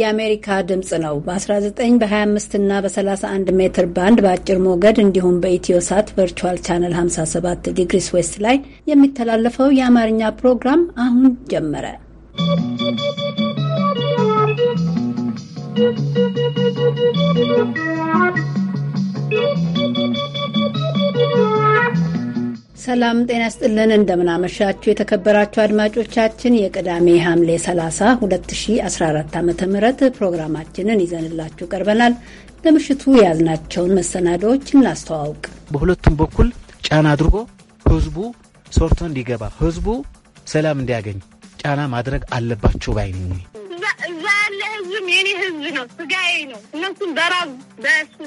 የአሜሪካ ድምፅ ነው። በ19 በ25 እና በ31 ሜትር ባንድ በአጭር ሞገድ እንዲሁም በኢትዮ ሳት ቨርቹዋል ቻነል 57 ዲግሪስ ዌስት ላይ የሚተላለፈው የአማርኛ ፕሮግራም አሁን ጀመረ። ¶¶ ሰላም ጤና ስጥልን። እንደምናመሻችሁ የተከበራችሁ አድማጮቻችን የቅዳሜ ሐምሌ 30 2014 ዓ ም ፕሮግራማችንን ይዘንላችሁ ቀርበናል። ለምሽቱ የያዝናቸውን መሰናዶዎች እናስተዋውቅ። በሁለቱም በኩል ጫና አድርጎ ህዝቡ ሰርቶ እንዲገባ፣ ህዝቡ ሰላም እንዲያገኝ ጫና ማድረግ አለባቸው ባይ ነኝ። እዛ ያለ ህዝብም የኔ ህዝብ ነው፣ ስጋዬ ነው። እነሱም በራብ በሱ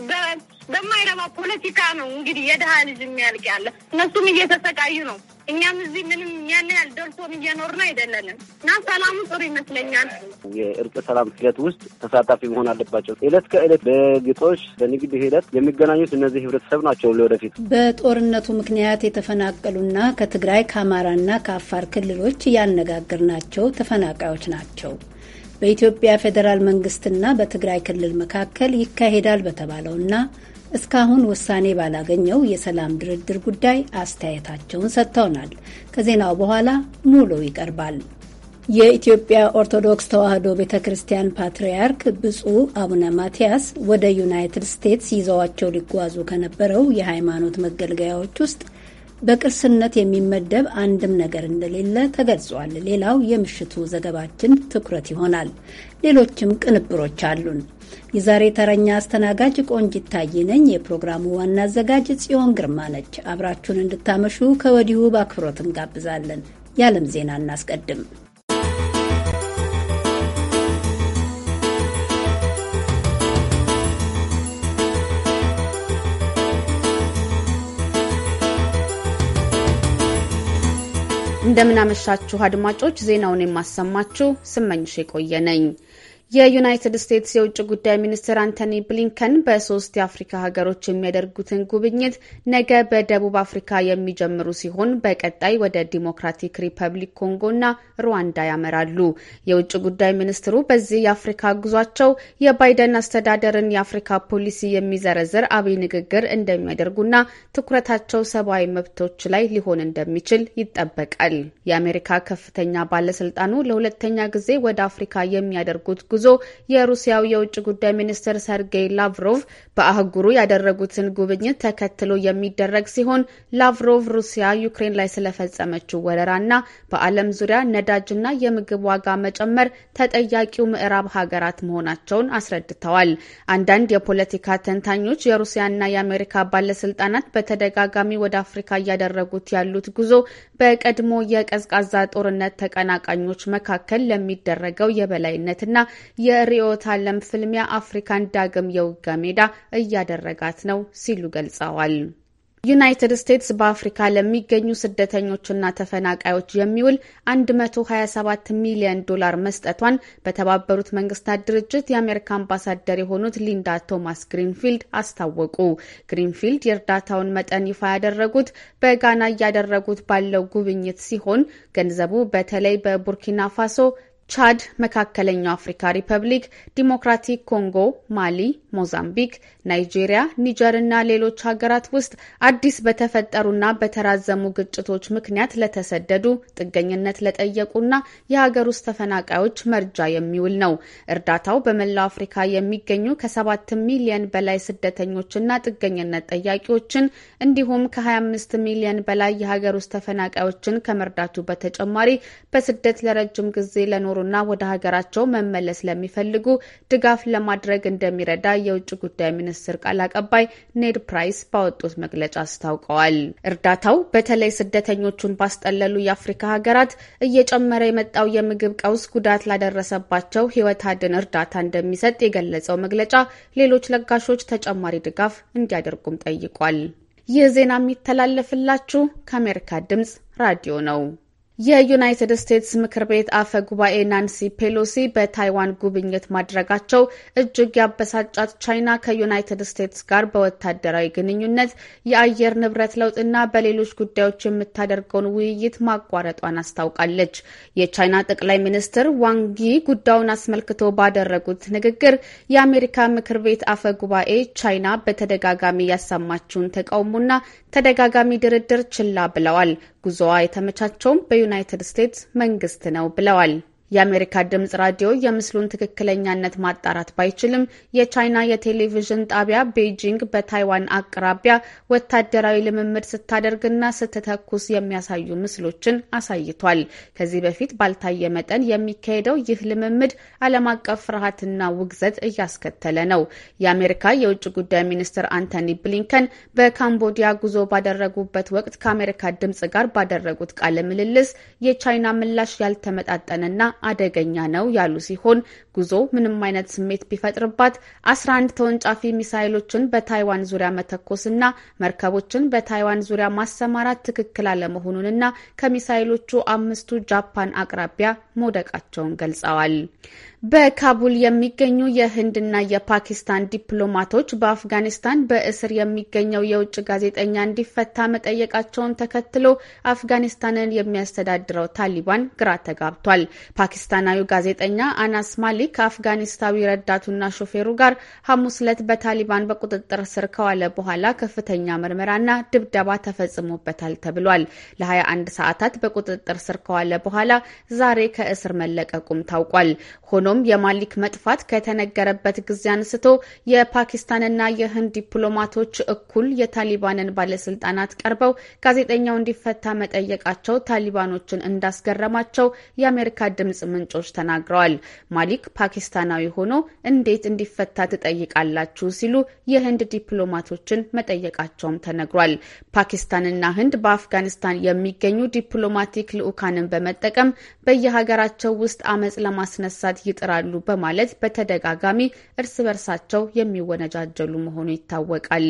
በማይረባ ፖለቲካ ነው እንግዲህ የድሃ ልጅ የሚያልቅ ያለ። እነሱም እየተሰቃዩ ነው። እኛም እዚህ ምንም ያን ያህል ደርሶን እየኖርን አይደለንም እና ሰላሙ ጥሩ ይመስለኛል። የእርቅ ሰላም ሂደት ውስጥ ተሳታፊ መሆን አለባቸው። እለት ከእለት በግጦሽ በንግድ ሂደት የሚገናኙት እነዚህ ህብረተሰብ ናቸው። ለወደፊት በጦርነቱ ምክንያት የተፈናቀሉና ከትግራይ ከአማራና ከአፋር ክልሎች ያነጋገርናቸው ተፈናቃዮች ናቸው። በኢትዮጵያ ፌዴራል መንግስትና በትግራይ ክልል መካከል ይካሄዳል በተባለውና እስካሁን ውሳኔ ባላገኘው የሰላም ድርድር ጉዳይ አስተያየታቸውን ሰጥተውናል። ከዜናው በኋላ ሙሉ ይቀርባል። የኢትዮጵያ ኦርቶዶክስ ተዋሕዶ ቤተ ክርስቲያን ፓትርያርክ ብፁዕ አቡነ ማትያስ ወደ ዩናይትድ ስቴትስ ይዘዋቸው ሊጓዙ ከነበረው የሃይማኖት መገልገያዎች ውስጥ በቅርስነት የሚመደብ አንድም ነገር እንደሌለ ተገልጿል። ሌላው የምሽቱ ዘገባችን ትኩረት ይሆናል። ሌሎችም ቅንብሮች አሉን። የዛሬ ተረኛ አስተናጋጅ ቆንጂት ታዬ ነኝ። የፕሮግራሙ ዋና አዘጋጅ ጽዮን ግርማ ነች። አብራችሁን እንድታመሹ ከወዲሁ በአክብሮት እንጋብዛለን። የዓለም ዜና እናስቀድም። እንደምናመሻችሁ አድማጮች፣ ዜናውን የማሰማችሁ ስመኝሽ የቆየ ነኝ። የዩናይትድ ስቴትስ የውጭ ጉዳይ ሚኒስትር አንቶኒ ብሊንከን በሶስት የአፍሪካ ሀገሮች የሚያደርጉትን ጉብኝት ነገ በደቡብ አፍሪካ የሚጀምሩ ሲሆን በቀጣይ ወደ ዲሞክራቲክ ሪፐብሊክ ኮንጎና ሩዋንዳ ያመራሉ። የውጭ ጉዳይ ሚኒስትሩ በዚህ የአፍሪካ ጉዟቸው የባይደን አስተዳደርን የአፍሪካ ፖሊሲ የሚዘረዝር አብይ ንግግር እንደሚያደርጉና ትኩረታቸው ሰብአዊ መብቶች ላይ ሊሆን እንደሚችል ይጠበቃል። የአሜሪካ ከፍተኛ ባለስልጣኑ ለሁለተኛ ጊዜ ወደ አፍሪካ የሚያደርጉት ጉዞ ተያይዞ የሩሲያው የውጭ ጉዳይ ሚኒስትር ሰርጌይ ላቭሮቭ በአህጉሩ ያደረጉትን ጉብኝት ተከትሎ የሚደረግ ሲሆን ላቭሮቭ ሩሲያ ዩክሬን ላይ ስለፈጸመችው ወረራና በዓለም ዙሪያ ነዳጅና የምግብ ዋጋ መጨመር ተጠያቂው ምዕራብ ሀገራት መሆናቸውን አስረድተዋል። አንዳንድ የፖለቲካ ተንታኞች የሩሲያና የአሜሪካ ባለስልጣናት በተደጋጋሚ ወደ አፍሪካ እያደረጉት ያሉት ጉዞ በቀድሞ የቀዝቃዛ ጦርነት ተቀናቃኞች መካከል ለሚደረገው የበላይነትና የርዕዮተ ዓለም ፍልሚያ አፍሪካን ዳግም የውጊያ ሜዳ እያደረጋት ነው ሲሉ ገልጸዋል። ዩናይትድ ስቴትስ በአፍሪካ ለሚገኙ ስደተኞችና ተፈናቃዮች የሚውል 127 ሚሊዮን ዶላር መስጠቷን በተባበሩት መንግስታት ድርጅት የአሜሪካ አምባሳደር የሆኑት ሊንዳ ቶማስ ግሪንፊልድ አስታወቁ። ግሪንፊልድ የእርዳታውን መጠን ይፋ ያደረጉት በጋና እያደረጉት ባለው ጉብኝት ሲሆን ገንዘቡ በተለይ በቡርኪና ፋሶ ቻድ፣ መካከለኛው አፍሪካ ሪፐብሊክ፣ ዲሞክራቲክ ኮንጎ፣ ማሊ፣ ሞዛምቢክ፣ ናይጄሪያ፣ ኒጀር እና ሌሎች ሀገራት ውስጥ አዲስ በተፈጠሩና በተራዘሙ ግጭቶች ምክንያት ለተሰደዱ ጥገኝነት ለጠየቁና የሀገር ውስጥ ተፈናቃዮች መርጃ የሚውል ነው። እርዳታው በመላው አፍሪካ የሚገኙ ከሰባት ሚሊየን በላይ ስደተኞችና ጥገኝነት ጠያቂዎችን እንዲሁም ከ25 ሚሊየን በላይ የሀገር ውስጥ ተፈናቃዮችን ከመርዳቱ በተጨማሪ በስደት ለረጅም ጊዜ ለኖ ለሚኖሩና ወደ ሀገራቸው መመለስ ለሚፈልጉ ድጋፍ ለማድረግ እንደሚረዳ የውጭ ጉዳይ ሚኒስትር ቃል አቀባይ ኔድ ፕራይስ ባወጡት መግለጫ አስታውቀዋል። እርዳታው በተለይ ስደተኞቹን ባስጠለሉ የአፍሪካ ሀገራት እየጨመረ የመጣው የምግብ ቀውስ ጉዳት ላደረሰባቸው ሕይወት አድን እርዳታ እንደሚሰጥ የገለጸው መግለጫ ሌሎች ለጋሾች ተጨማሪ ድጋፍ እንዲያደርጉም ጠይቋል። ይህ ዜና የሚተላለፍላችሁ ከአሜሪካ ድምጽ ራዲዮ ነው። የዩናይትድ ስቴትስ ምክር ቤት አፈ ጉባኤ ናንሲ ፔሎሲ በታይዋን ጉብኝት ማድረጋቸው እጅግ ያበሳጫት ቻይና ከዩናይትድ ስቴትስ ጋር በወታደራዊ ግንኙነት የአየር ንብረት ለውጥና በሌሎች ጉዳዮች የምታደርገውን ውይይት ማቋረጧን አስታውቃለች። የቻይና ጠቅላይ ሚኒስትር ዋንጊ ጉዳዩን አስመልክቶ ባደረጉት ንግግር የአሜሪካ ምክር ቤት አፈ ጉባኤ ቻይና በተደጋጋሚ ያሰማችውን ተቃውሞና ተደጋጋሚ ድርድር ችላ ብለዋል። ጉዞዋ የተመቻቸውም በዩናይትድ ስቴትስ መንግስት ነው ብለዋል። የአሜሪካ ድምጽ ራዲዮ የምስሉን ትክክለኛነት ማጣራት ባይችልም የቻይና የቴሌቪዥን ጣቢያ ቤጂንግ በታይዋን አቅራቢያ ወታደራዊ ልምምድ ስታደርግና ስትተኩስ የሚያሳዩ ምስሎችን አሳይቷል። ከዚህ በፊት ባልታየ መጠን የሚካሄደው ይህ ልምምድ ዓለም አቀፍ ፍርሃትና ውግዘት እያስከተለ ነው። የአሜሪካ የውጭ ጉዳይ ሚኒስትር አንቶኒ ብሊንከን በካምቦዲያ ጉዞ ባደረጉበት ወቅት ከአሜሪካ ድምጽ ጋር ባደረጉት ቃለ ምልልስ የቻይና ምላሽ ያልተመጣጠነና አደገኛ ነው ያሉ ሲሆን ጉዞ ምንም አይነት ስሜት ቢፈጥርባት 11 ተወንጫፊ ሚሳይሎችን በታይዋን ዙሪያ መተኮስና መርከቦችን በታይዋን ዙሪያ ማሰማራት ትክክል አለመሆኑንና ከሚሳይሎቹ አምስቱ ጃፓን አቅራቢያ መውደቃቸውን ገልጸዋል። በካቡል የሚገኙ የህንድና የፓኪስታን ዲፕሎማቶች በአፍጋኒስታን በእስር የሚገኘው የውጭ ጋዜጠኛ እንዲፈታ መጠየቃቸውን ተከትሎ አፍጋኒስታንን የሚያስተዳድረው ታሊባን ግራ ተጋብቷል። ፓኪስታናዊ ጋዜጠኛ አናስ ማሊክ ከአፍጋኒስታዊ ረዳቱና ሾፌሩ ጋር ሐሙስ ዕለት በታሊባን በቁጥጥር ስር ከዋለ በኋላ ከፍተኛ ምርመራና ድብደባ ተፈጽሞበታል ተብሏል። ለ21 ሰዓታት በቁጥጥር ስር ከዋለ በኋላ ዛሬ ከእስር መለቀቁም ታውቋል። ሆኖም የማሊክ መጥፋት ከተነገረበት ጊዜ አንስቶ የፓኪስታንና የህንድ ዲፕሎማቶች እኩል የታሊባንን ባለስልጣናት ቀርበው ጋዜጠኛው እንዲፈታ መጠየቃቸው ታሊባኖችን እንዳስገረማቸው የአሜሪካ ድምጽ ድምፅ ምንጮች ተናግረዋል። ማሊክ ፓኪስታናዊ ሆኖ እንዴት እንዲፈታ ትጠይቃላችሁ ሲሉ የህንድ ዲፕሎማቶችን መጠየቃቸውም ተነግሯል። ፓኪስታንና ህንድ በአፍጋኒስታን የሚገኙ ዲፕሎማቲክ ልዑካንን በመጠቀም በየሀገራቸው ውስጥ አመፅ ለማስነሳት ይጥራሉ በማለት በተደጋጋሚ እርስ በርሳቸው የሚወነጃጀሉ መሆኑ ይታወቃል።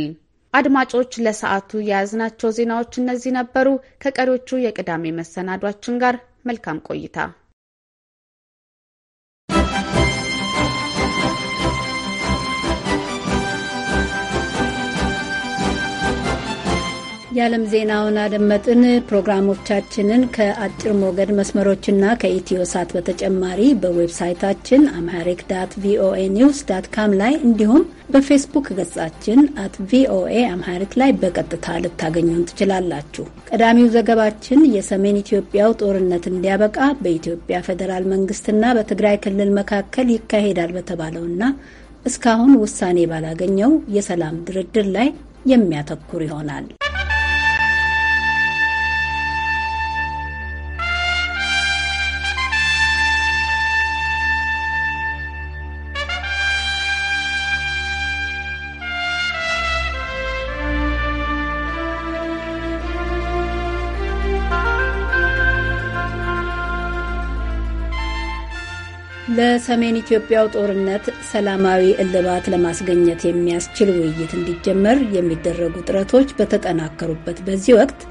አድማጮች፣ ለሰዓቱ የያዝናቸው ዜናዎች እነዚህ ነበሩ። ከቀሪዎቹ የቅዳሜ መሰናዷችን ጋር መልካም ቆይታ የዓለም ዜናውን አደመጥን። ፕሮግራሞቻችንን ከአጭር ሞገድ መስመሮችና ከኢትዮ ሳት በተጨማሪ በዌብሳይታችን አምሃሪክ ዳት ቪኦኤ ኒውስ ዳት ካም ላይ እንዲሁም በፌስቡክ ገጻችን አት ቪኦኤ አምሃሪክ ላይ በቀጥታ ልታገኙን ትችላላችሁ። ቀዳሚው ዘገባችን የሰሜን ኢትዮጵያው ጦርነት እንዲያበቃ በኢትዮጵያ ፌዴራል መንግስትና በትግራይ ክልል መካከል ይካሄዳል በተባለውና እስካሁን ውሳኔ ባላገኘው የሰላም ድርድር ላይ የሚያተኩር ይሆናል። ለሰሜን ኢትዮጵያው ጦርነት ሰላማዊ እልባት ለማስገኘት የሚያስችል ውይይት እንዲጀመር የሚደረጉ ጥረቶች በተጠናከሩበት በዚህ ወቅት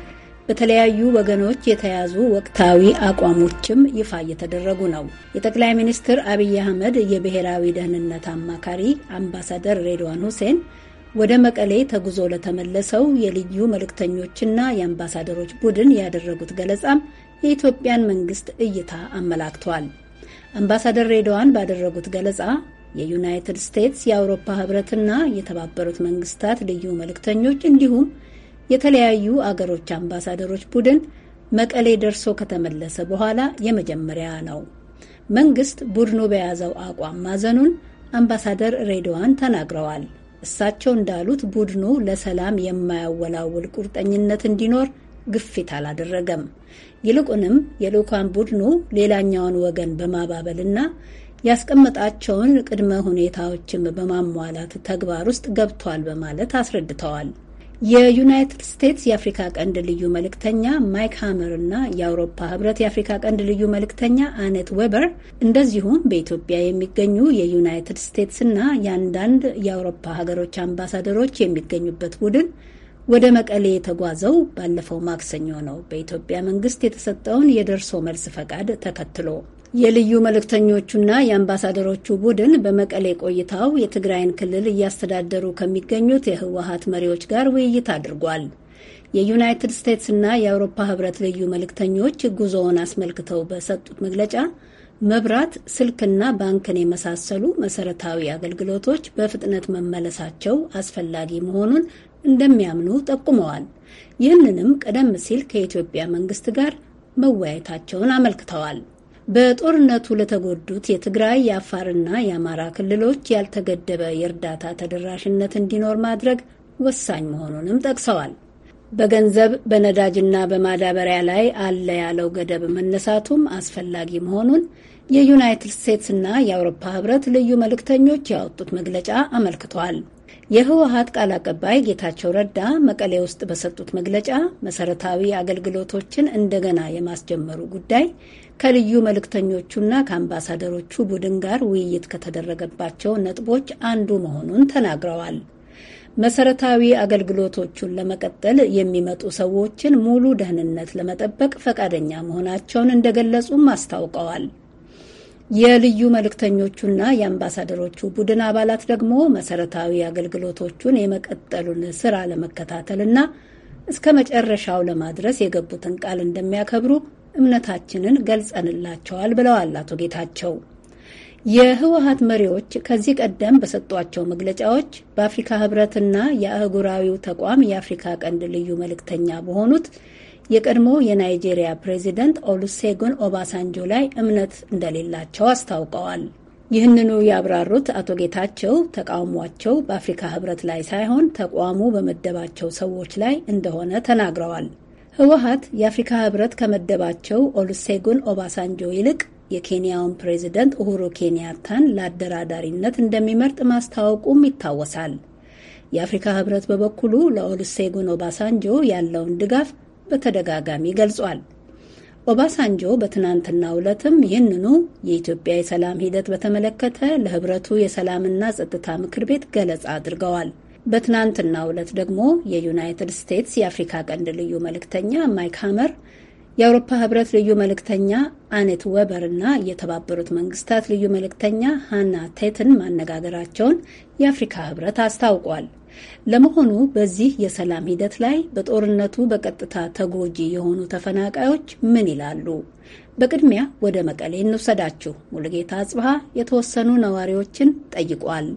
በተለያዩ ወገኖች የተያዙ ወቅታዊ አቋሞችም ይፋ እየተደረጉ ነው። የጠቅላይ ሚኒስትር አብይ አህመድ የብሔራዊ ደህንነት አማካሪ አምባሳደር ሬድዋን ሁሴን ወደ መቀሌ ተጉዞ ለተመለሰው የልዩ መልእክተኞችና የአምባሳደሮች ቡድን ያደረጉት ገለጻም የኢትዮጵያን መንግስት እይታ አመላክቷል። አምባሳደር ሬድዋን ባደረጉት ገለጻ የዩናይትድ ስቴትስ የአውሮፓ ህብረትና የተባበሩት መንግስታት ልዩ መልእክተኞች እንዲሁም የተለያዩ አገሮች አምባሳደሮች ቡድን መቀሌ ደርሶ ከተመለሰ በኋላ የመጀመሪያ ነው። መንግስት ቡድኑ በያዘው አቋም ማዘኑን አምባሳደር ሬድዋን ተናግረዋል። እሳቸው እንዳሉት ቡድኑ ለሰላም የማያወላውል ቁርጠኝነት እንዲኖር ግፊት አላደረገም። ይልቁንም የልዑካን ቡድኑ ሌላኛውን ወገን በማባበልና ያስቀመጣቸውን ቅድመ ሁኔታዎችም በማሟላት ተግባር ውስጥ ገብቷል በማለት አስረድተዋል። የዩናይትድ ስቴትስ የአፍሪካ ቀንድ ልዩ መልእክተኛ ማይክ ሃመር እና የአውሮፓ ህብረት የአፍሪካ ቀንድ ልዩ መልእክተኛ አኔት ዌበር እንደዚሁም በኢትዮጵያ የሚገኙ የዩናይትድ ስቴትስና የአንዳንድ የአውሮፓ ሀገሮች አምባሳደሮች የሚገኙበት ቡድን ወደ መቀሌ የተጓዘው ባለፈው ማክሰኞ ነው በኢትዮጵያ መንግስት የተሰጠውን የደርሶ መልስ ፈቃድ ተከትሎ። የልዩ መልእክተኞቹና የአምባሳደሮቹ ቡድን በመቀሌ ቆይታው የትግራይን ክልል እያስተዳደሩ ከሚገኙት የህወሀት መሪዎች ጋር ውይይት አድርጓል። የዩናይትድ ስቴትስና የአውሮፓ ህብረት ልዩ መልእክተኞች ጉዞውን አስመልክተው በሰጡት መግለጫ መብራት፣ ስልክና ባንክን የመሳሰሉ መሰረታዊ አገልግሎቶች በፍጥነት መመለሳቸው አስፈላጊ መሆኑን እንደሚያምኑ ጠቁመዋል። ይህንንም ቀደም ሲል ከኢትዮጵያ መንግስት ጋር መወያየታቸውን አመልክተዋል። በጦርነቱ ለተጎዱት የትግራይ የአፋርና የአማራ ክልሎች ያልተገደበ የእርዳታ ተደራሽነት እንዲኖር ማድረግ ወሳኝ መሆኑንም ጠቅሰዋል። በገንዘብ በነዳጅና በማዳበሪያ ላይ አለ ያለው ገደብ መነሳቱም አስፈላጊ መሆኑን የዩናይትድ ስቴትስና የአውሮፓ ህብረት ልዩ መልእክተኞች ያወጡት መግለጫ አመልክቷል። የህወሀት ቃል አቀባይ ጌታቸው ረዳ መቀሌ ውስጥ በሰጡት መግለጫ መሰረታዊ አገልግሎቶችን እንደገና የማስጀመሩ ጉዳይ ከልዩ መልእክተኞቹና ከአምባሳደሮቹ ቡድን ጋር ውይይት ከተደረገባቸው ነጥቦች አንዱ መሆኑን ተናግረዋል። መሰረታዊ አገልግሎቶቹን ለመቀጠል የሚመጡ ሰዎችን ሙሉ ደህንነት ለመጠበቅ ፈቃደኛ መሆናቸውን እንደገለጹም አስታውቀዋል። የልዩ መልእክተኞቹና የአምባሳደሮቹ ቡድን አባላት ደግሞ መሰረታዊ አገልግሎቶቹን የመቀጠሉን ስራ ለመከታተልና እስከ መጨረሻው ለማድረስ የገቡትን ቃል እንደሚያከብሩ እምነታችንን ገልጸንላቸዋል ብለዋል አቶ ጌታቸው። የህወሀት መሪዎች ከዚህ ቀደም በሰጧቸው መግለጫዎች በአፍሪካ ህብረትና የአህጉራዊው ተቋም የአፍሪካ ቀንድ ልዩ መልእክተኛ በሆኑት የቀድሞ የናይጄሪያ ፕሬዚደንት ኦሉሴጎን ኦባሳንጆ ላይ እምነት እንደሌላቸው አስታውቀዋል። ይህንኑ ያብራሩት አቶ ጌታቸው ተቃውሟቸው በአፍሪካ ህብረት ላይ ሳይሆን ተቋሙ በመደባቸው ሰዎች ላይ እንደሆነ ተናግረዋል። ህወሀት የአፍሪካ ህብረት ከመደባቸው ኦሉሴጎን ኦባሳንጆ ይልቅ የኬንያውን ፕሬዚደንት ኡሁሩ ኬንያታን ለአደራዳሪነት እንደሚመርጥ ማስታወቁም ይታወሳል። የአፍሪካ ህብረት በበኩሉ ለኦሉሴጉን ኦባሳንጆ ያለውን ድጋፍ በተደጋጋሚ ገልጿል። ኦባሳንጆ በትናንትናው ዕለትም ይህንኑ የኢትዮጵያ የሰላም ሂደት በተመለከተ ለህብረቱ የሰላምና ጸጥታ ምክር ቤት ገለጻ አድርገዋል። በትናንትናው ዕለት ደግሞ የዩናይትድ ስቴትስ የአፍሪካ ቀንድ ልዩ መልእክተኛ ማይክ ሃመር፣ የአውሮፓ ህብረት ልዩ መልእክተኛ አኔት ወበር እና የተባበሩት መንግስታት ልዩ መልእክተኛ ሃና ቴትን ማነጋገራቸውን የአፍሪካ ህብረት አስታውቋል። ለመሆኑ በዚህ የሰላም ሂደት ላይ በጦርነቱ በቀጥታ ተጎጂ የሆኑ ተፈናቃዮች ምን ይላሉ? በቅድሚያ ወደ መቀሌ እንውሰዳችሁ። ሙሉጌታ አጽብሃ የተወሰኑ ነዋሪዎችን ጠይቋል።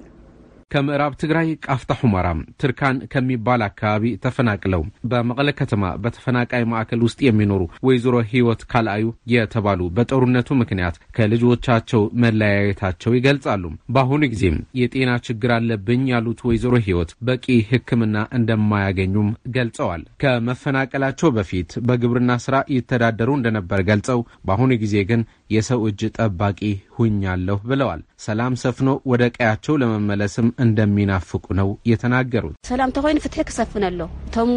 ከምዕራብ ትግራይ ቃፍታ ሑመራ ትርካን ከሚባል አካባቢ ተፈናቅለው በመቀለ ከተማ በተፈናቃይ ማዕከል ውስጥ የሚኖሩ ወይዘሮ ህይወት ካልአዩ የተባሉ በጦርነቱ ምክንያት ከልጆቻቸው መለያየታቸው ይገልጻሉ። በአሁኑ ጊዜም የጤና ችግር አለብኝ ያሉት ወይዘሮ ህይወት በቂ ሕክምና እንደማያገኙም ገልጸዋል። ከመፈናቀላቸው በፊት በግብርና ስራ ይተዳደሩ እንደነበር ገልጸው በአሁኑ ጊዜ ግን የሰው እጅ ጠባቂ ሁኛለሁ ብለዋል። ሰላም ሰፍኖ ወደ ቀያቸው ለመመለስም እንደሚናፍቁ ነው የተናገሩት። ሰላም ተኮይኑ ፍትሕ ክሰፍን ኣሎ እቶም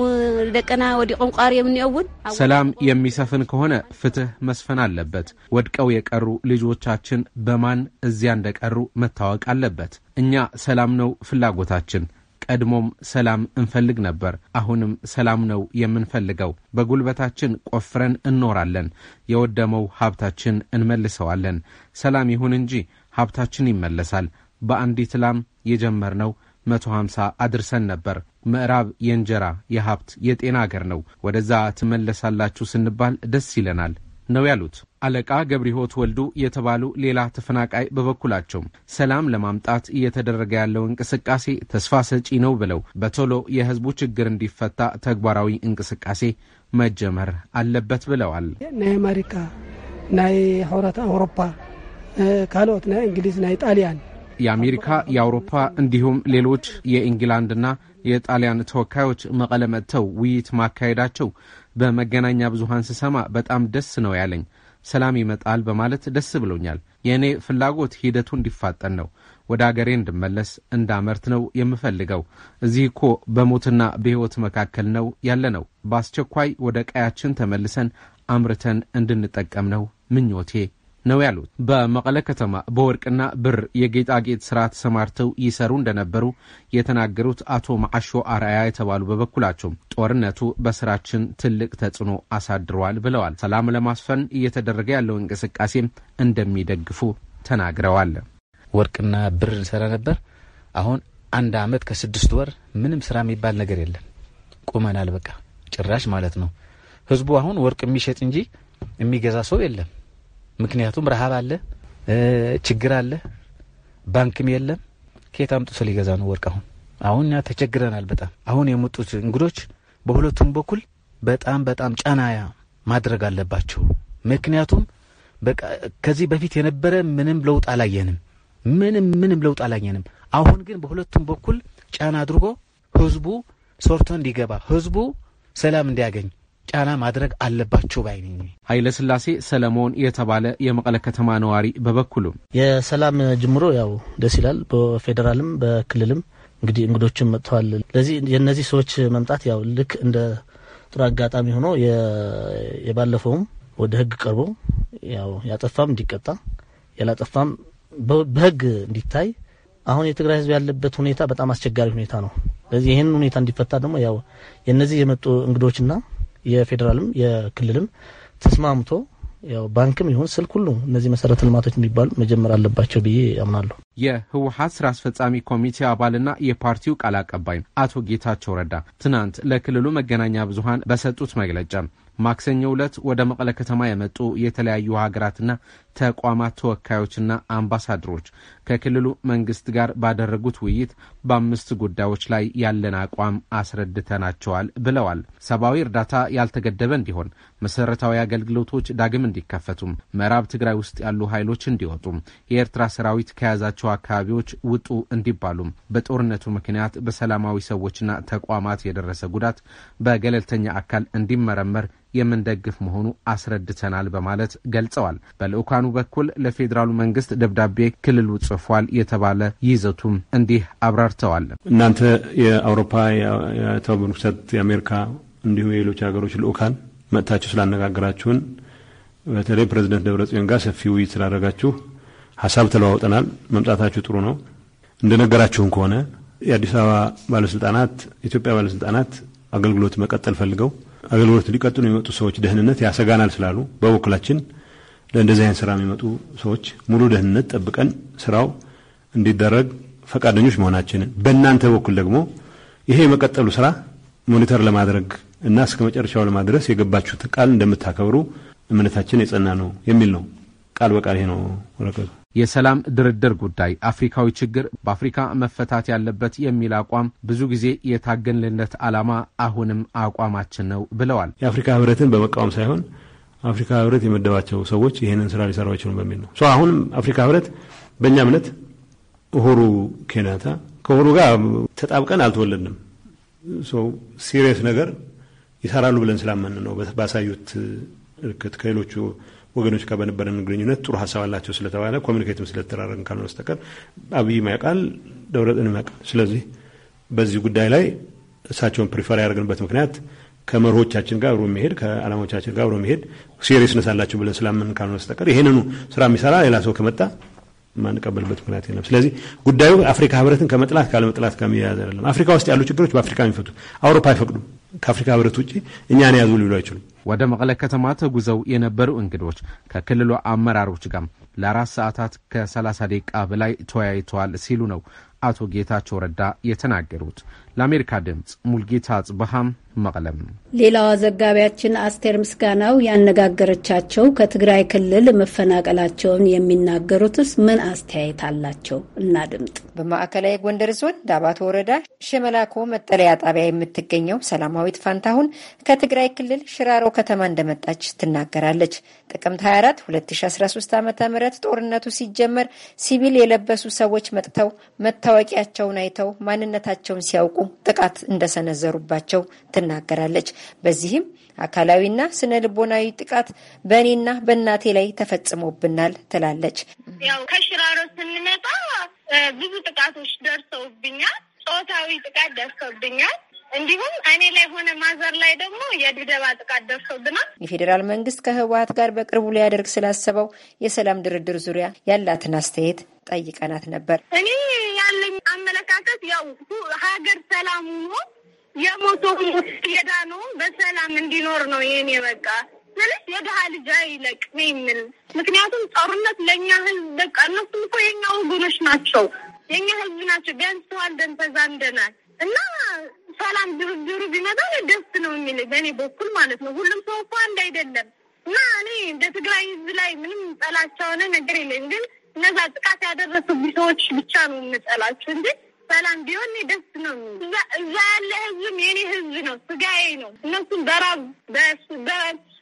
ደቀና ወዲ ቆንቋር የምንየውን ሰላም የሚሰፍን ከሆነ ፍትህ መስፈን አለበት። ወድቀው የቀሩ ልጆቻችን በማን እዚያ እንደቀሩ መታወቅ አለበት። እኛ ሰላም ነው ፍላጎታችን ቀድሞም ሰላም እንፈልግ ነበር። አሁንም ሰላም ነው የምንፈልገው። በጉልበታችን ቆፍረን እንኖራለን። የወደመው ሀብታችን እንመልሰዋለን። ሰላም ይሁን እንጂ ሀብታችን ይመለሳል። በአንዲት ላም የጀመርነው መቶ ሀምሳ አድርሰን ነበር። ምዕራብ የእንጀራ የሀብት የጤና አገር ነው። ወደዛ ትመለሳላችሁ ስንባል ደስ ይለናል። ነው ያሉት። አለቃ ገብሪሆት ወልዱ የተባሉ ሌላ ተፈናቃይ በበኩላቸው ሰላም ለማምጣት እየተደረገ ያለው እንቅስቃሴ ተስፋ ሰጪ ነው ብለው በቶሎ የህዝቡ ችግር እንዲፈታ ተግባራዊ እንቅስቃሴ መጀመር አለበት ብለዋል። ናይ አሜሪካ ናይ ሕብረት አውሮፓ ካልኦት ናይ እንግሊዝ ናይ ጣሊያን የአሜሪካ የአውሮፓ እንዲሁም ሌሎች የኢንግላንድና የጣሊያን ተወካዮች መቀለ መጥተው ውይይት ማካሄዳቸው በመገናኛ ብዙሃን ስሰማ በጣም ደስ ነው ያለኝ። ሰላም ይመጣል በማለት ደስ ብሎኛል። የእኔ ፍላጎት ሂደቱ እንዲፋጠን ነው። ወደ አገሬ እንድመለስ እንዳመርት ነው የምፈልገው። እዚህ እኮ በሞትና በሕይወት መካከል ነው ያለ ነው። በአስቸኳይ ወደ ቀያችን ተመልሰን አምርተን እንድንጠቀም ነው ምኞቴ ነው ያሉት። በመቀለ ከተማ በወርቅና ብር የጌጣጌጥ ስራ ተሰማርተው ይሰሩ እንደነበሩ የተናገሩት አቶ ማዓሾ አርአያ የተባሉ በበኩላቸው ጦርነቱ በስራችን ትልቅ ተጽዕኖ አሳድሯል ብለዋል። ሰላም ለማስፈን እየተደረገ ያለው እንቅስቃሴ እንደሚደግፉ ተናግረዋል። ወርቅና ብር እንሰራ ነበር። አሁን አንድ አመት ከስድስት ወር ምንም ስራ የሚባል ነገር የለም። ቁመናል። በቃ ጭራሽ ማለት ነው። ህዝቡ አሁን ወርቅ የሚሸጥ እንጂ የሚገዛ ሰው የለም። ምክንያቱም ረሃብ አለ፣ ችግር አለ፣ ባንክም የለም። ከየት አምጥቶ ሊገዛ ነው ወርቅ? አሁን አሁን ተቸግረናል በጣም አሁን የመጡት እንግዶች በሁለቱም በኩል በጣም በጣም ጫና ማድረግ አለባቸው። ምክንያቱም ከዚህ በፊት የነበረ ምንም ለውጥ አላየንም፣ ምንም ምንም ለውጥ አላየንም። አሁን ግን በሁለቱም በኩል ጫና አድርጎ ህዝቡ ሰርቶ እንዲገባ፣ ህዝቡ ሰላም እንዲያገኝ ጫና ማድረግ አለባቸው ባይ ነኝ። ስላሴ ሰለሞን የተባለ የመቀለ ከተማ ነዋሪ በበኩሉ የሰላም ጅምሮ ያው ደስ ይላል። በፌዴራልም በክልልም እንግዲህ እንግዶችም መጥተዋል። ለዚህ የእነዚህ ሰዎች መምጣት ያው ልክ እንደ ጥሩ አጋጣሚ ሆኖ የባለፈውም ወደ ህግ ቀርቦ ያው ያጠፋም እንዲቀጣ ያላጠፋም በህግ እንዲታይ አሁን የትግራይ ህዝብ ያለበት ሁኔታ በጣም አስቸጋሪ ሁኔታ ነው። ለዚህ ይህን ሁኔታ እንዲፈታ ደግሞ ያው የእነዚህ የመጡ እንግዶችና የፌዴራልም የክልልም ተስማምቶ ያው ባንክም ይሁን ስልክ ሁሉ እነዚህ መሰረተ ልማቶች የሚባሉ መጀመር አለባቸው ብዬ ያምናለሁ። የህወሀት ስራ አስፈጻሚ ኮሚቴ አባልና የፓርቲው ቃል አቀባይ አቶ ጌታቸው ረዳ ትናንት ለክልሉ መገናኛ ብዙሀን በሰጡት መግለጫ ማክሰኞ ዕለት ወደ መቀለ ከተማ የመጡ የተለያዩ ሀገራትና ተቋማት ተወካዮችና አምባሳደሮች ከክልሉ መንግስት ጋር ባደረጉት ውይይት በአምስት ጉዳዮች ላይ ያለን አቋም አስረድተናቸዋል ብለዋል። ሰብአዊ እርዳታ ያልተገደበ እንዲሆን፣ መሰረታዊ አገልግሎቶች ዳግም እንዲከፈቱም፣ ምዕራብ ትግራይ ውስጥ ያሉ ኃይሎች እንዲወጡም፣ የኤርትራ ሰራዊት ከያዛቸው አካባቢዎች ውጡ እንዲባሉም፣ በጦርነቱ ምክንያት በሰላማዊ ሰዎችና ተቋማት የደረሰ ጉዳት በገለልተኛ አካል እንዲመረመር የምንደግፍ መሆኑ አስረድተናል በማለት ገልጸዋል። በልዑካ በልሂቃኑ በኩል ለፌዴራሉ መንግስት ደብዳቤ ክልሉ ጽፏል የተባለ ይዘቱም እንዲህ አብራርተዋል። እናንተ የአውሮፓ የተባበሩት መንግስታት፣ የአሜሪካ እንዲሁም የሌሎች ሀገሮች ልዑካን መጥታችሁ ስላነጋገራችሁን በተለይ ፕሬዚደንት ጽዮን ጋር ሰፊ ውይይት ስላደረጋችሁ ሀሳብ ተለዋውጠናል። መምጣታችሁ ጥሩ ነው። እንደነገራችሁን ከሆነ የአዲስ አበባ ባለስልጣናት፣ የኢትዮጵያ ባለስልጣናት አገልግሎት መቀጠል ፈልገው አገልግሎት ሊቀጥሉ የመጡ ሰዎች ደህንነት ያሰጋናል ስላሉ በበኩላችን ለእንደዚህ አይነት ስራ የሚመጡ ሰዎች ሙሉ ደህንነት ጠብቀን ስራው እንዲደረግ ፈቃደኞች መሆናችንን በእናንተ በኩል ደግሞ ይሄ የመቀጠሉ ስራ ሞኒተር ለማድረግ እና እስከ መጨረሻው ለማድረስ የገባችሁት ቃል እንደምታከብሩ እምነታችን የጸና ነው የሚል ነው። ቃል በቃል ይሄ ነው ወረቀቱ። የሰላም ድርድር ጉዳይ አፍሪካዊ ችግር በአፍሪካ መፈታት ያለበት የሚል አቋም ብዙ ጊዜ የታገንልነት ዓላማ አሁንም አቋማችን ነው ብለዋል። የአፍሪካ ህብረትን በመቃወም ሳይሆን አፍሪካ ህብረት የመደባቸው ሰዎች ይህንን ስራ ሊሰራ አይችሉም በሚል ነው። አሁንም አፍሪካ ህብረት በእኛ እምነት ሆሩ ኬንያታ ከኡሁሩ ጋር ተጣብቀን አልተወለድንም። ሲሪየስ ነገር ይሰራሉ ብለን ስላመንን ነው። ባሳዩት ምልክት ከሌሎቹ ወገኖች ጋር በነበረን ግንኙነት ጥሩ ሀሳብ አላቸው ስለተባለ ኮሚኒኬትም ስለተደራረግን ካልሆነ በስተቀር አብይ ያውቃል፣ ደብረጽዮንም ያውቃል። ስለዚህ በዚህ ጉዳይ ላይ እሳቸውን ፕሪፈር ያደርግንበት ምክንያት ከመርሆቻችን ጋር አብሮ መሄድ ከዓላማዎቻችን ጋር አብሮ መሄድ ሲሪየስነስ አላቸው ብለን ስላምን ካልሆነ በስተቀር ይሄንኑ ስራ የሚሰራ ሌላ ሰው ከመጣ ማንቀበልበት ምክንያት የለም። ስለዚህ ጉዳዩ አፍሪካ ህብረትን ከመጥላት ካለመጥላት ጋር አይደለም። አፍሪካ ውስጥ ያሉ ችግሮች በአፍሪካ የሚፈቱ አውሮፓ አይፈቅዱም። ከአፍሪካ ህብረት ውጭ እኛን ያዙ ሊሉ አይችሉም። ወደ መቀለ ከተማ ተጉዘው የነበሩ እንግዶች ከክልሉ አመራሮች ጋር ለአራት ሰዓታት ከ30 ደቂቃ በላይ ተወያይተዋል ሲሉ ነው አቶ ጌታቸው ረዳ የተናገሩት። ለአሜሪካ ድምፅ ሙልጌታ አጽብሃም መቀለም። ሌላዋ ዘጋቢያችን አስቴር ምስጋናው ያነጋገረቻቸው ከትግራይ ክልል መፈናቀላቸውን የሚናገሩትስ ምን አስተያየት አላቸው? እናድምጥ። በማዕከላዊ ጎንደር ዞን ዳባት ወረዳ ሸመላኮ መጠለያ ጣቢያ የምትገኘው ሰላማዊት ፋንታሁን ከትግራይ ክልል ሽራሮ ከተማ እንደመጣች ትናገራለች። ጥቅምት 24 2013 ዓ ም ጦርነቱ ሲጀመር ሲቪል የለበሱ ሰዎች መጥተው መጥተው መታወቂያቸውን አይተው ማንነታቸውን ሲያውቁ ጥቃት እንደሰነዘሩባቸው ትናገራለች። በዚህም አካላዊና ስነ ልቦናዊ ጥቃት በእኔና በእናቴ ላይ ተፈጽሞብናል ትላለች። ያው ከሽራሮ ስንመጣ ብዙ ጥቃቶች ደርሰውብኛል። ጾታዊ ጥቃት ደርሰውብኛል። እንዲሁም እኔ ላይ ሆነ ማዘር ላይ ደግሞ የድብደባ ጥቃት ደርሰውብናል። የፌዴራል መንግስት ከህወሀት ጋር በቅርቡ ሊያደርግ ስላሰበው የሰላም ድርድር ዙሪያ ያላትን አስተያየት ጠይቀናት ነበር። እኔ ያለኝ አመለካከት ያው ሀገር ሰላም ሆኖ የሞቶ ሄዳ ነው በሰላም እንዲኖር ነው ይህን በቃ ስልሽ የድሀ ልጅ አይለቅ ነው ምክንያቱም ጦርነት ለእኛ ህዝብ በቃ እነሱም እኮ የኛ ወገኖች ናቸው፣ የኛ ህዝብ ናቸው። ቢያንስ ተዋልደን ተዛምደናል እና ሰላም ድርድሩ ቢመጣ ደስ ነው የሚል በእኔ በኩል ማለት ነው። ሁሉም ሰው እኮ አንድ አይደለም እና እኔ እንደ ትግራይ ህዝብ ላይ ምንም ጠላቻ ሆነ ነገር የለኝ ግን እነዛ ጥቃት ያደረሱብኝ ሰዎች ብቻ ነው የምጠላቸው እንጂ ሰላም ቢሆን ደስ ነው። እዛ ያለ ህዝብም የኔ ህዝብ ነው፣ ስጋዬ ነው። እነሱም በራብ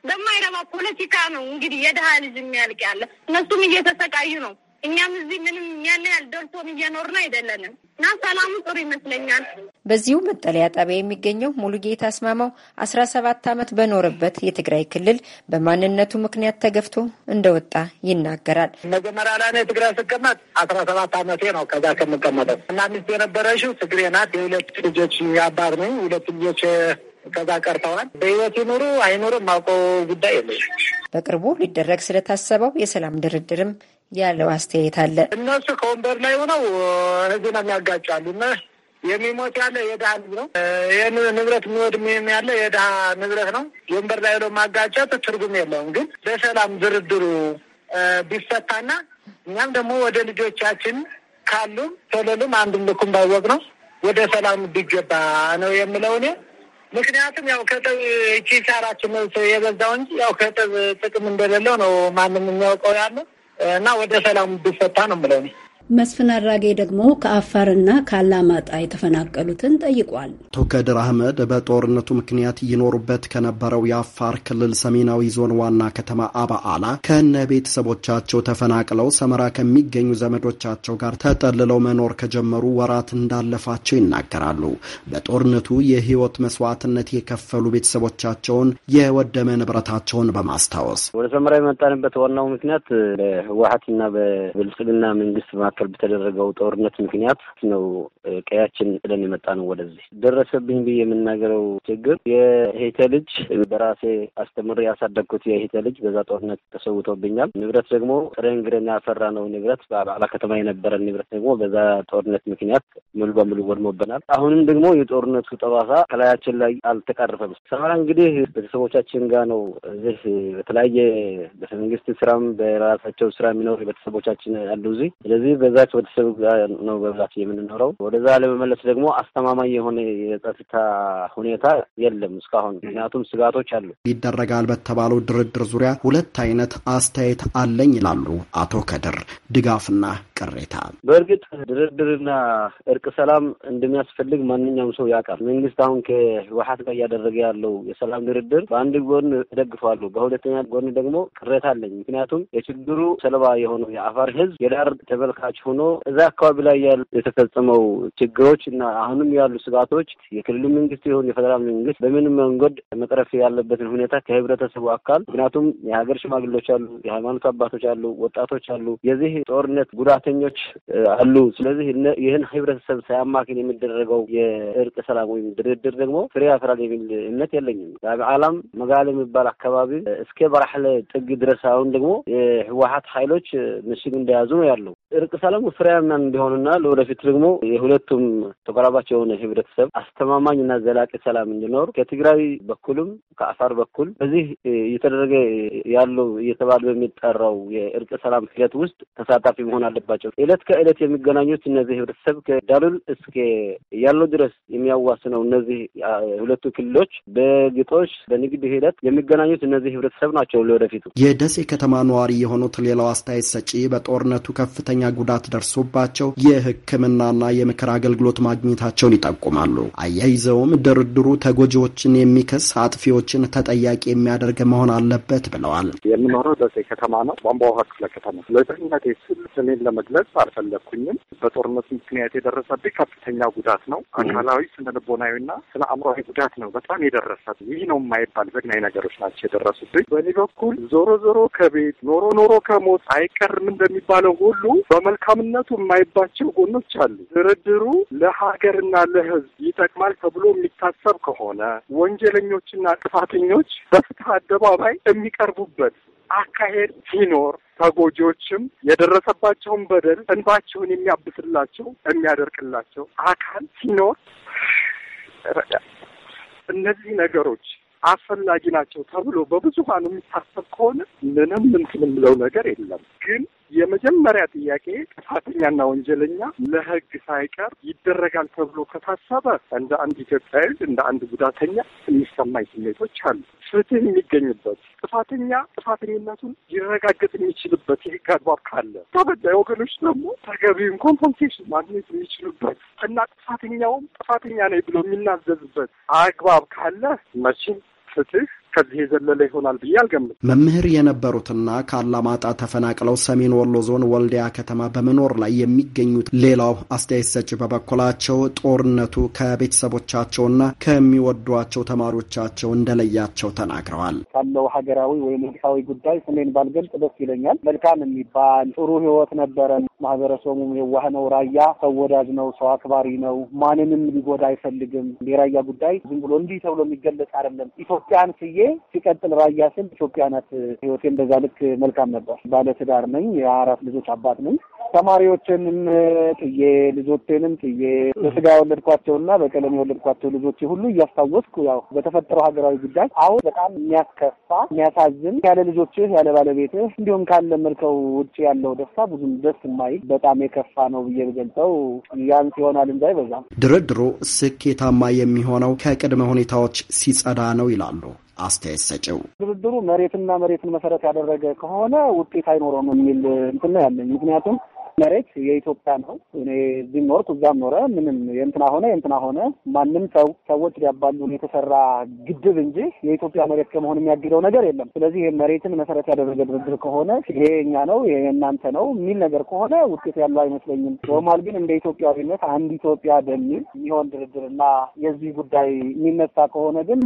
በማይረባ ፖለቲካ ነው እንግዲህ የድሃ ልጅ የሚያልቅ ያለ እነሱም እየተሰቃዩ ነው። እኛም እዚህ ምንም ያን ያህል ደልቶን እየኖርን አይደለንም እና ሰላሙ ጥሩ ይመስለኛል። በዚሁ መጠለያ ጣቢያ የሚገኘው ሙሉጌታ አስማማው አስራ ሰባት ዓመት በኖረበት የትግራይ ክልል በማንነቱ ምክንያት ተገፍቶ እንደወጣ ይናገራል። መጀመሪያ ላይ ነው የትግራይ ስቀመጥ አስራ ሰባት ዓመቴ ነው። ከዛ ከምቀመጠው እና ሚስት የነበረሽው ትግሬ ናት። የሁለት ልጆች አባት ነው። ሁለት ልጆች ከዛ ቀርተዋል። በህይወት ይኑሩ አይኑሩ ማውቀው ጉዳይ የለ። በቅርቡ ሊደረግ ስለታሰበው የሰላም ድርድርም ያለው አስተያየት አለ። እነሱ ከወንበር ላይ ሆነው ህዝብን ያጋጫሉ እና የሚሞት ያለ የድሀ ልጅ ነው። ይህን ንብረት የሚወድም ያለ የድሀ ንብረት ነው። ወንበር ላይ ሆነው ማጋጨት ትርጉም የለውም። ግን በሰላም ድርድሩ ቢፈታና እኛም ደግሞ ወደ ልጆቻችን ካሉም ተለሉም አንድም ልኩም ባወቅ ነው ወደ ሰላም ቢገባ ነው የምለው እኔ። ምክንያቱም ያው ከጥብ ኪሳራችን የበዛው እንጂ ያው ከጥብ ጥቅም እንደሌለው ነው ማንም የሚያውቀው ያለው እና ወደ ሰላም ቢፈታ ነው የምለው እኔ መስፍን አራጌ ደግሞ ከአፋርና ከአላማጣ የተፈናቀሉትን ጠይቋል። አቶ ከድር አህመድ በጦርነቱ ምክንያት ይኖሩበት ከነበረው የአፋር ክልል ሰሜናዊ ዞን ዋና ከተማ አባአላ ከነ ቤተሰቦቻቸው ተፈናቅለው ሰመራ ከሚገኙ ዘመዶቻቸው ጋር ተጠልለው መኖር ከጀመሩ ወራት እንዳለፋቸው ይናገራሉ። በጦርነቱ የህይወት መስዋዕትነት የከፈሉ ቤተሰቦቻቸውን የወደመ ንብረታቸውን በማስታወስ ወደ ሰመራ የመጣንበት ዋናው ምክንያት በህወሀትና በብልጽግና መንግስት መካከል በተደረገው ጦርነት ምክንያት ነው ቀያችን ብለን የመጣ ነው ወደዚህ። ደረሰብኝ ብዬ የምናገረው ችግር የሄተ ልጅ በራሴ አስተምሬ ያሳደግኩት የሄተ ልጅ በዛ ጦርነት ተሰውቶብኛል። ንብረት ደግሞ ጥረን ግረን ያፈራ ነው ንብረት በአባላ ከተማ የነበረን ንብረት ደግሞ በዛ ጦርነት ምክንያት ሙሉ በሙሉ ወድሞብናል። አሁንም ደግሞ የጦርነቱ ጠባሳ ከላያችን ላይ አልተቃረፈም። ሰራ እንግዲህ ቤተሰቦቻችን ጋር ነው እዚህ በተለያየ በመንግስት ስራም በራሳቸው ስራ የሚኖሩ ቤተሰቦቻችን አሉ እዚህ። ስለዚህ ወደዛች ቤተሰብ ነው በብዛት የምንኖረው። ወደዛ ለመመለስ ደግሞ አስተማማኝ የሆነ የጸጥታ ሁኔታ የለም እስካሁን። ምክንያቱም ስጋቶች አሉ። ይደረጋል በተባለው ድርድር ዙሪያ ሁለት አይነት አስተያየት አለኝ ይላሉ አቶ ከድር ድጋፍና ቅሬታ። በእርግጥ ድርድርና እርቅ ሰላም እንደሚያስፈልግ ማንኛውም ሰው ያውቃል። መንግስት አሁን ከህወሀት ጋር እያደረገ ያለው የሰላም ድርድር በአንድ ጎን እደግፈዋለሁ፣ በሁለተኛ ጎን ደግሞ ቅሬታ አለኝ። ምክንያቱም የችግሩ ሰለባ የሆነው የአፋር ህዝብ የዳር ተመልካች ሆኖ እዛ አካባቢ ላይ ያሉ የተፈጸመው ችግሮች እና አሁንም ያሉ ስጋቶች የክልሉ መንግስት ይሁን የፌደራል መንግስት በምን መንገድ መቅረፍ ያለበትን ሁኔታ ከህብረተሰቡ አካል ምክንያቱም የሀገር ሽማግሌዎች አሉ፣ የሃይማኖት አባቶች አሉ፣ ወጣቶች አሉ። የዚህ ጦርነት ጉዳት ሰራተኞች አሉ። ስለዚህ ይህን ህብረተሰብ ሳያማክን የሚደረገው የእርቅ ሰላም ወይም ድርድር ደግሞ ፍሬ ያፈራል የሚል እምነት የለኝም። ዓላም መጋል የሚባል አካባቢ እስከ በራህለ ጥግ ድረስ አሁን ደግሞ የህወሀት ኃይሎች ምሽግ እንደያዙ ነው ያለው። እርቅ ሰላሙ ፍሬያማ እንዲሆንና ለወደፊት ደግሞ የሁለቱም ተቆራባቸው የሆነ ህብረተሰብ አስተማማኝ አስተማማኝና ዘላቂ ሰላም እንዲኖር ከትግራይ በኩልም ከአፋር በኩል በዚህ እየተደረገ ያለው እየተባለ በሚጠራው የእርቅ ሰላም ሂደት ውስጥ ተሳታፊ መሆን አለባቸው። እለት ከእለት የሚገናኙት እነዚህ ህብረተሰብ ከዳሉል እስከ ያለው ድረስ የሚያዋስነው እነዚህ ሁለቱ ክልሎች በግጦሽ በንግድ ሂደት የሚገናኙት እነዚህ ህብረተሰብ ናቸው። ለወደፊቱ የደሴ ከተማ ነዋሪ የሆኑት ሌላው አስተያየት ሰጪ በጦርነቱ ከፍተኛ ከፍተኛ ጉዳት ደርሶባቸው የሕክምናና የምክር አገልግሎት ማግኘታቸውን ይጠቁማሉ። አያይዘውም ድርድሩ ተጎጂዎችን የሚከስ አጥፊዎችን ተጠያቂ የሚያደርግ መሆን አለበት ብለዋል። የምኖረው ደሴ ከተማ ነው፣ ቧንቧ ውሃ ክፍለ ከተማ። ለደህንነቴ ስል ስሜን ለመግለጽ አልፈለግኩኝም። በጦርነት ምክንያት የደረሰብኝ ከፍተኛ ጉዳት ነው። አካላዊ፣ ስነ ልቦናዊና ስነ አእምሯዊ ጉዳት ነው በጣም የደረሰብኝ። ይህ ነው የማይባል ዘግናኝ ነገሮች ናቸው የደረሱብኝ። በእኔ በኩል ዞሮ ዞሮ ከቤት ኖሮ ኖሮ ከሞት አይቀርም እንደሚባለው ሁሉ በመልካምነቱ የማይባቸው ጎኖች አሉ። ድርድሩ ለሀገርና ለሕዝብ ይጠቅማል ተብሎ የሚታሰብ ከሆነ ወንጀለኞችና ጥፋተኞች በፍትህ አደባባይ የሚቀርቡበት አካሄድ ሲኖር ተጎጂዎችም የደረሰባቸውን በደል እንባቸውን የሚያብስላቸው የሚያደርቅላቸው አካል ሲኖር እነዚህ ነገሮች አስፈላጊ ናቸው ተብሎ በብዙሃኑ የሚታሰብ ከሆነ ምንም እንትን የምለው ነገር የለም ግን የመጀመሪያ ጥያቄ ጥፋተኛና ወንጀለኛ ለህግ ሳይቀር ይደረጋል ተብሎ ከታሰበ እንደ አንድ ኢትዮጵያዊ እንደ አንድ ጉዳተኛ የሚሰማኝ ስሜቶች አሉ። ፍትህ የሚገኝበት ጥፋተኛ ጥፋተኝነቱን ሊረጋገጥ የሚችልበት የህግ አግባብ ካለ ተበዳይ ወገኖች ደግሞ ተገቢውን ኮምፐንሴሽን ማግኘት የሚችሉበት እና ጥፋተኛውም ጥፋተኛ ነኝ ብሎ የሚናዘዝበት አግባብ ካለ መቼም ፍትህ ከዚህ የዘለለ ይሆናል ብዬ አልገምትም። መምህር የነበሩትና ከአላማጣ ተፈናቅለው ሰሜን ወሎ ዞን ወልዲያ ከተማ በመኖር ላይ የሚገኙት ሌላው አስተያየት ሰጪ በበኩላቸው ጦርነቱ ከቤተሰቦቻቸውና ከሚወዷቸው ተማሪዎቻቸው እንደለያቸው ተናግረዋል። ካለው ሀገራዊ ወይም ወቅታዊ ጉዳይ ስሜን ባልገልጽ ደስ ይለኛል። መልካም የሚባል ጥሩ ህይወት ነበረን። ማህበረሰቡም የዋህ ነው። ራያ ሰው ወዳጅ ነው። ሰው አክባሪ ነው። ማንንም ሊጎዳ አይፈልግም። የራያ ጉዳይ ዝም ብሎ እንዲህ ተብሎ የሚገለጽ አይደለም። ኢትዮጵያን ስዬ ሲቀጥል ራያ ስል ኢትዮጵያ ናት። ህይወቴን ልክ መልካም ነበር። ባለትዳር ነኝ። የአራት ልጆች አባት ነኝ። ተማሪዎችንም ጥዬ ልጆቼንም ጥዬ በስጋ የወለድኳቸውና በቀለም የወለድኳቸው ልጆች ሁሉ እያስታወስኩ ያው በተፈጠረው ሀገራዊ ጉዳይ አሁን በጣም የሚያስከፋ የሚያሳዝን ያለ ልጆችህ ያለ ባለቤትህ እንዲሁም ካለ መልከው ውጭ ያለው ደስታ ብዙም ደስ የማይል በጣም የከፋ ነው ብዬ ብገልጸው ያንስ ይሆናል እንጂ አይበዛም። ድርድሩ ስኬታማ የሚሆነው ከቅድመ ሁኔታዎች ሲጸዳ ነው ይላሉ አስተያየት ሰጭው ድርድሩ መሬትና መሬትን መሰረት ያደረገ ከሆነ ውጤት አይኖረውም የሚል እንትን ያለኝ። ምክንያቱም መሬት የኢትዮጵያ ነው። እኔ እዚህ ኖርኩ እዛም ኖረ ምንም የእንትና ሆነ የእንትና ሆነ ማንም ሰው ሰዎች ሊያባሉን የተሰራ ግድብ እንጂ የኢትዮጵያ መሬት ከመሆን የሚያግደው ነገር የለም። ስለዚህ መሬትን መሰረት ያደረገ ድርድር ከሆነ ይሄ የኛ ነው ይሄ የእናንተ ነው የሚል ነገር ከሆነ ውጤት ያለው አይመስለኝም። ሮማል ግን እንደ ኢትዮጵያዊነት አንድ ኢትዮጵያ በሚል የሚሆን እና የዚህ ጉዳይ የሚነሳ ከሆነ ግን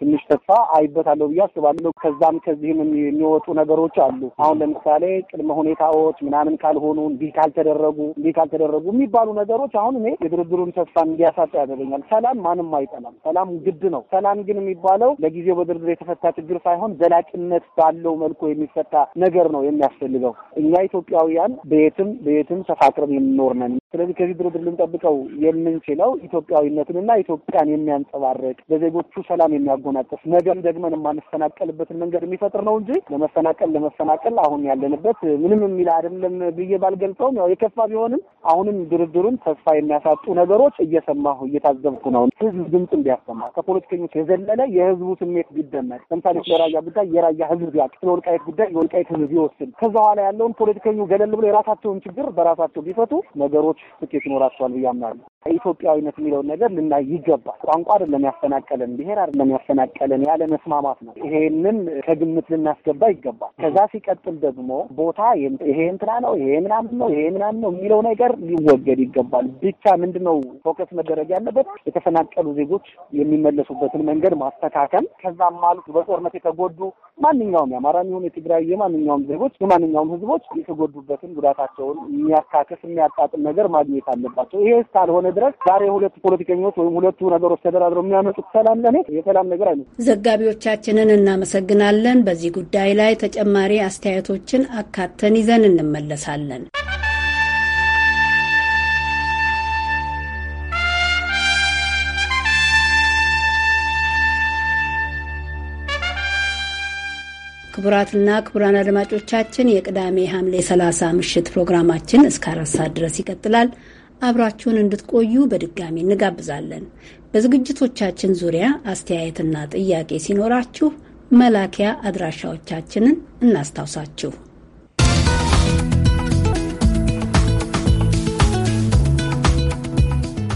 ትንሽ ተስፋ አይበታለሁ ብዬ አስባለሁ። ከዛም ከዚህም የሚወጡ ነገሮች አሉ። አሁን ለምሳሌ ቅድመ ሁኔታዎች ምናምን ካልሆኑ እንዲህ እንዲህ ካልተደረጉ እንዲህ ካልተደረጉ የሚባሉ ነገሮች አሁን እኔ የድርድሩን ተስፋ እንዲያሳጣ ያደርገኛል። ሰላም ማንም አይጠላም፣ ሰላም ግድ ነው። ሰላም ግን የሚባለው ለጊዜው በድርድር የተፈታ ችግር ሳይሆን ዘላቂነት ባለው መልኩ የሚፈታ ነገር ነው የሚያስፈልገው። እኛ ኢትዮጵያውያን በየትም በየትም ተፋቅረን የምኖር ነን። ስለዚህ ከዚህ ድርድር ልንጠብቀው የምንችለው ኢትዮጵያዊነትንና ኢትዮጵያን የሚያንጸባርቅ በዜጎቹ ሰላም የሚያጎናጽፍ ነገም ደግመን የማንፈናቀልበትን መንገድ የሚፈጥር ነው እንጂ ለመፈናቀል ለመፈናቀል አሁን ያለንበት ምንም የሚል አይደለም ብዬ ባልገልጽ ቢሰጠውም ያው የከፋ ቢሆንም አሁንም ድርድሩን ተስፋ የሚያሳጡ ነገሮች እየሰማሁ እየታዘብኩ ነው። ህዝብ ድምፅ እንዲያሰማ ከፖለቲከኞች የዘለለ የህዝቡ ስሜት ቢደመጥ፣ ለምሳሌ የራያ ጉዳይ የራያ ህዝብ ቢያውቅ፣ የወልቃየት ጉዳይ የወልቃየት ህዝብ ቢወስን፣ ከዛ በኋላ ያለውን ፖለቲከኞ ገለል ብሎ የራሳቸውን ችግር በራሳቸው ቢፈቱ ነገሮች ስኬት ይኖራቸዋል ብዬ አምናለሁ። ኢትዮጵያዊነት የሚለውን ነገር ልናይ ይገባል። ቋንቋ አይደለም ያፈናቀለን፣ ብሔር አይደለም ያፈናቀለን፣ ያለ መስማማት ነው። ይሄንን ከግምት ልናስገባ ይገባል። ከዛ ሲቀጥል ደግሞ ቦታ ይሄ እንትና ነው ይሄ ምናምን ነው ይሄ ምናምን ነው የሚለው ነገር ሊወገድ ይገባል። ብቻ ምንድን ነው ፎከስ መደረግ ያለበት የተፈናቀሉ ዜጎች የሚመለሱበትን መንገድ ማስተካከል፣ ከዛም አልፎ በጦርነት የተጎዱ ማንኛውም የአማራ ይሁን የትግራይ የማንኛውም ዜጎች የማንኛውም ህዝቦች የተጎዱበትን ጉዳታቸውን የሚያካክስ የሚያጣጥም ነገር ማግኘት አለባቸው። ይሄ እስካልሆነ ድረስ ዛሬ ሁለቱ ፖለቲከኞች ወይም ሁለቱ ነገሮች ተደራድረው የሚያመጡት ሰላም ለኔ የሰላም ነገር አይነት። ዘጋቢዎቻችንን እናመሰግናለን። በዚህ ጉዳይ ላይ ተጨማሪ አስተያየቶችን አካተን ይዘን እንመለሳለን። ክቡራትና ክቡራን አድማጮቻችን የቅዳሜ ሐምሌ 30 ምሽት ፕሮግራማችን እስከ አራት ሰዓት ድረስ ይቀጥላል። አብራችሁን እንድትቆዩ በድጋሚ እንጋብዛለን። በዝግጅቶቻችን ዙሪያ አስተያየትና ጥያቄ ሲኖራችሁ መላኪያ አድራሻዎቻችንን እናስታውሳችሁ።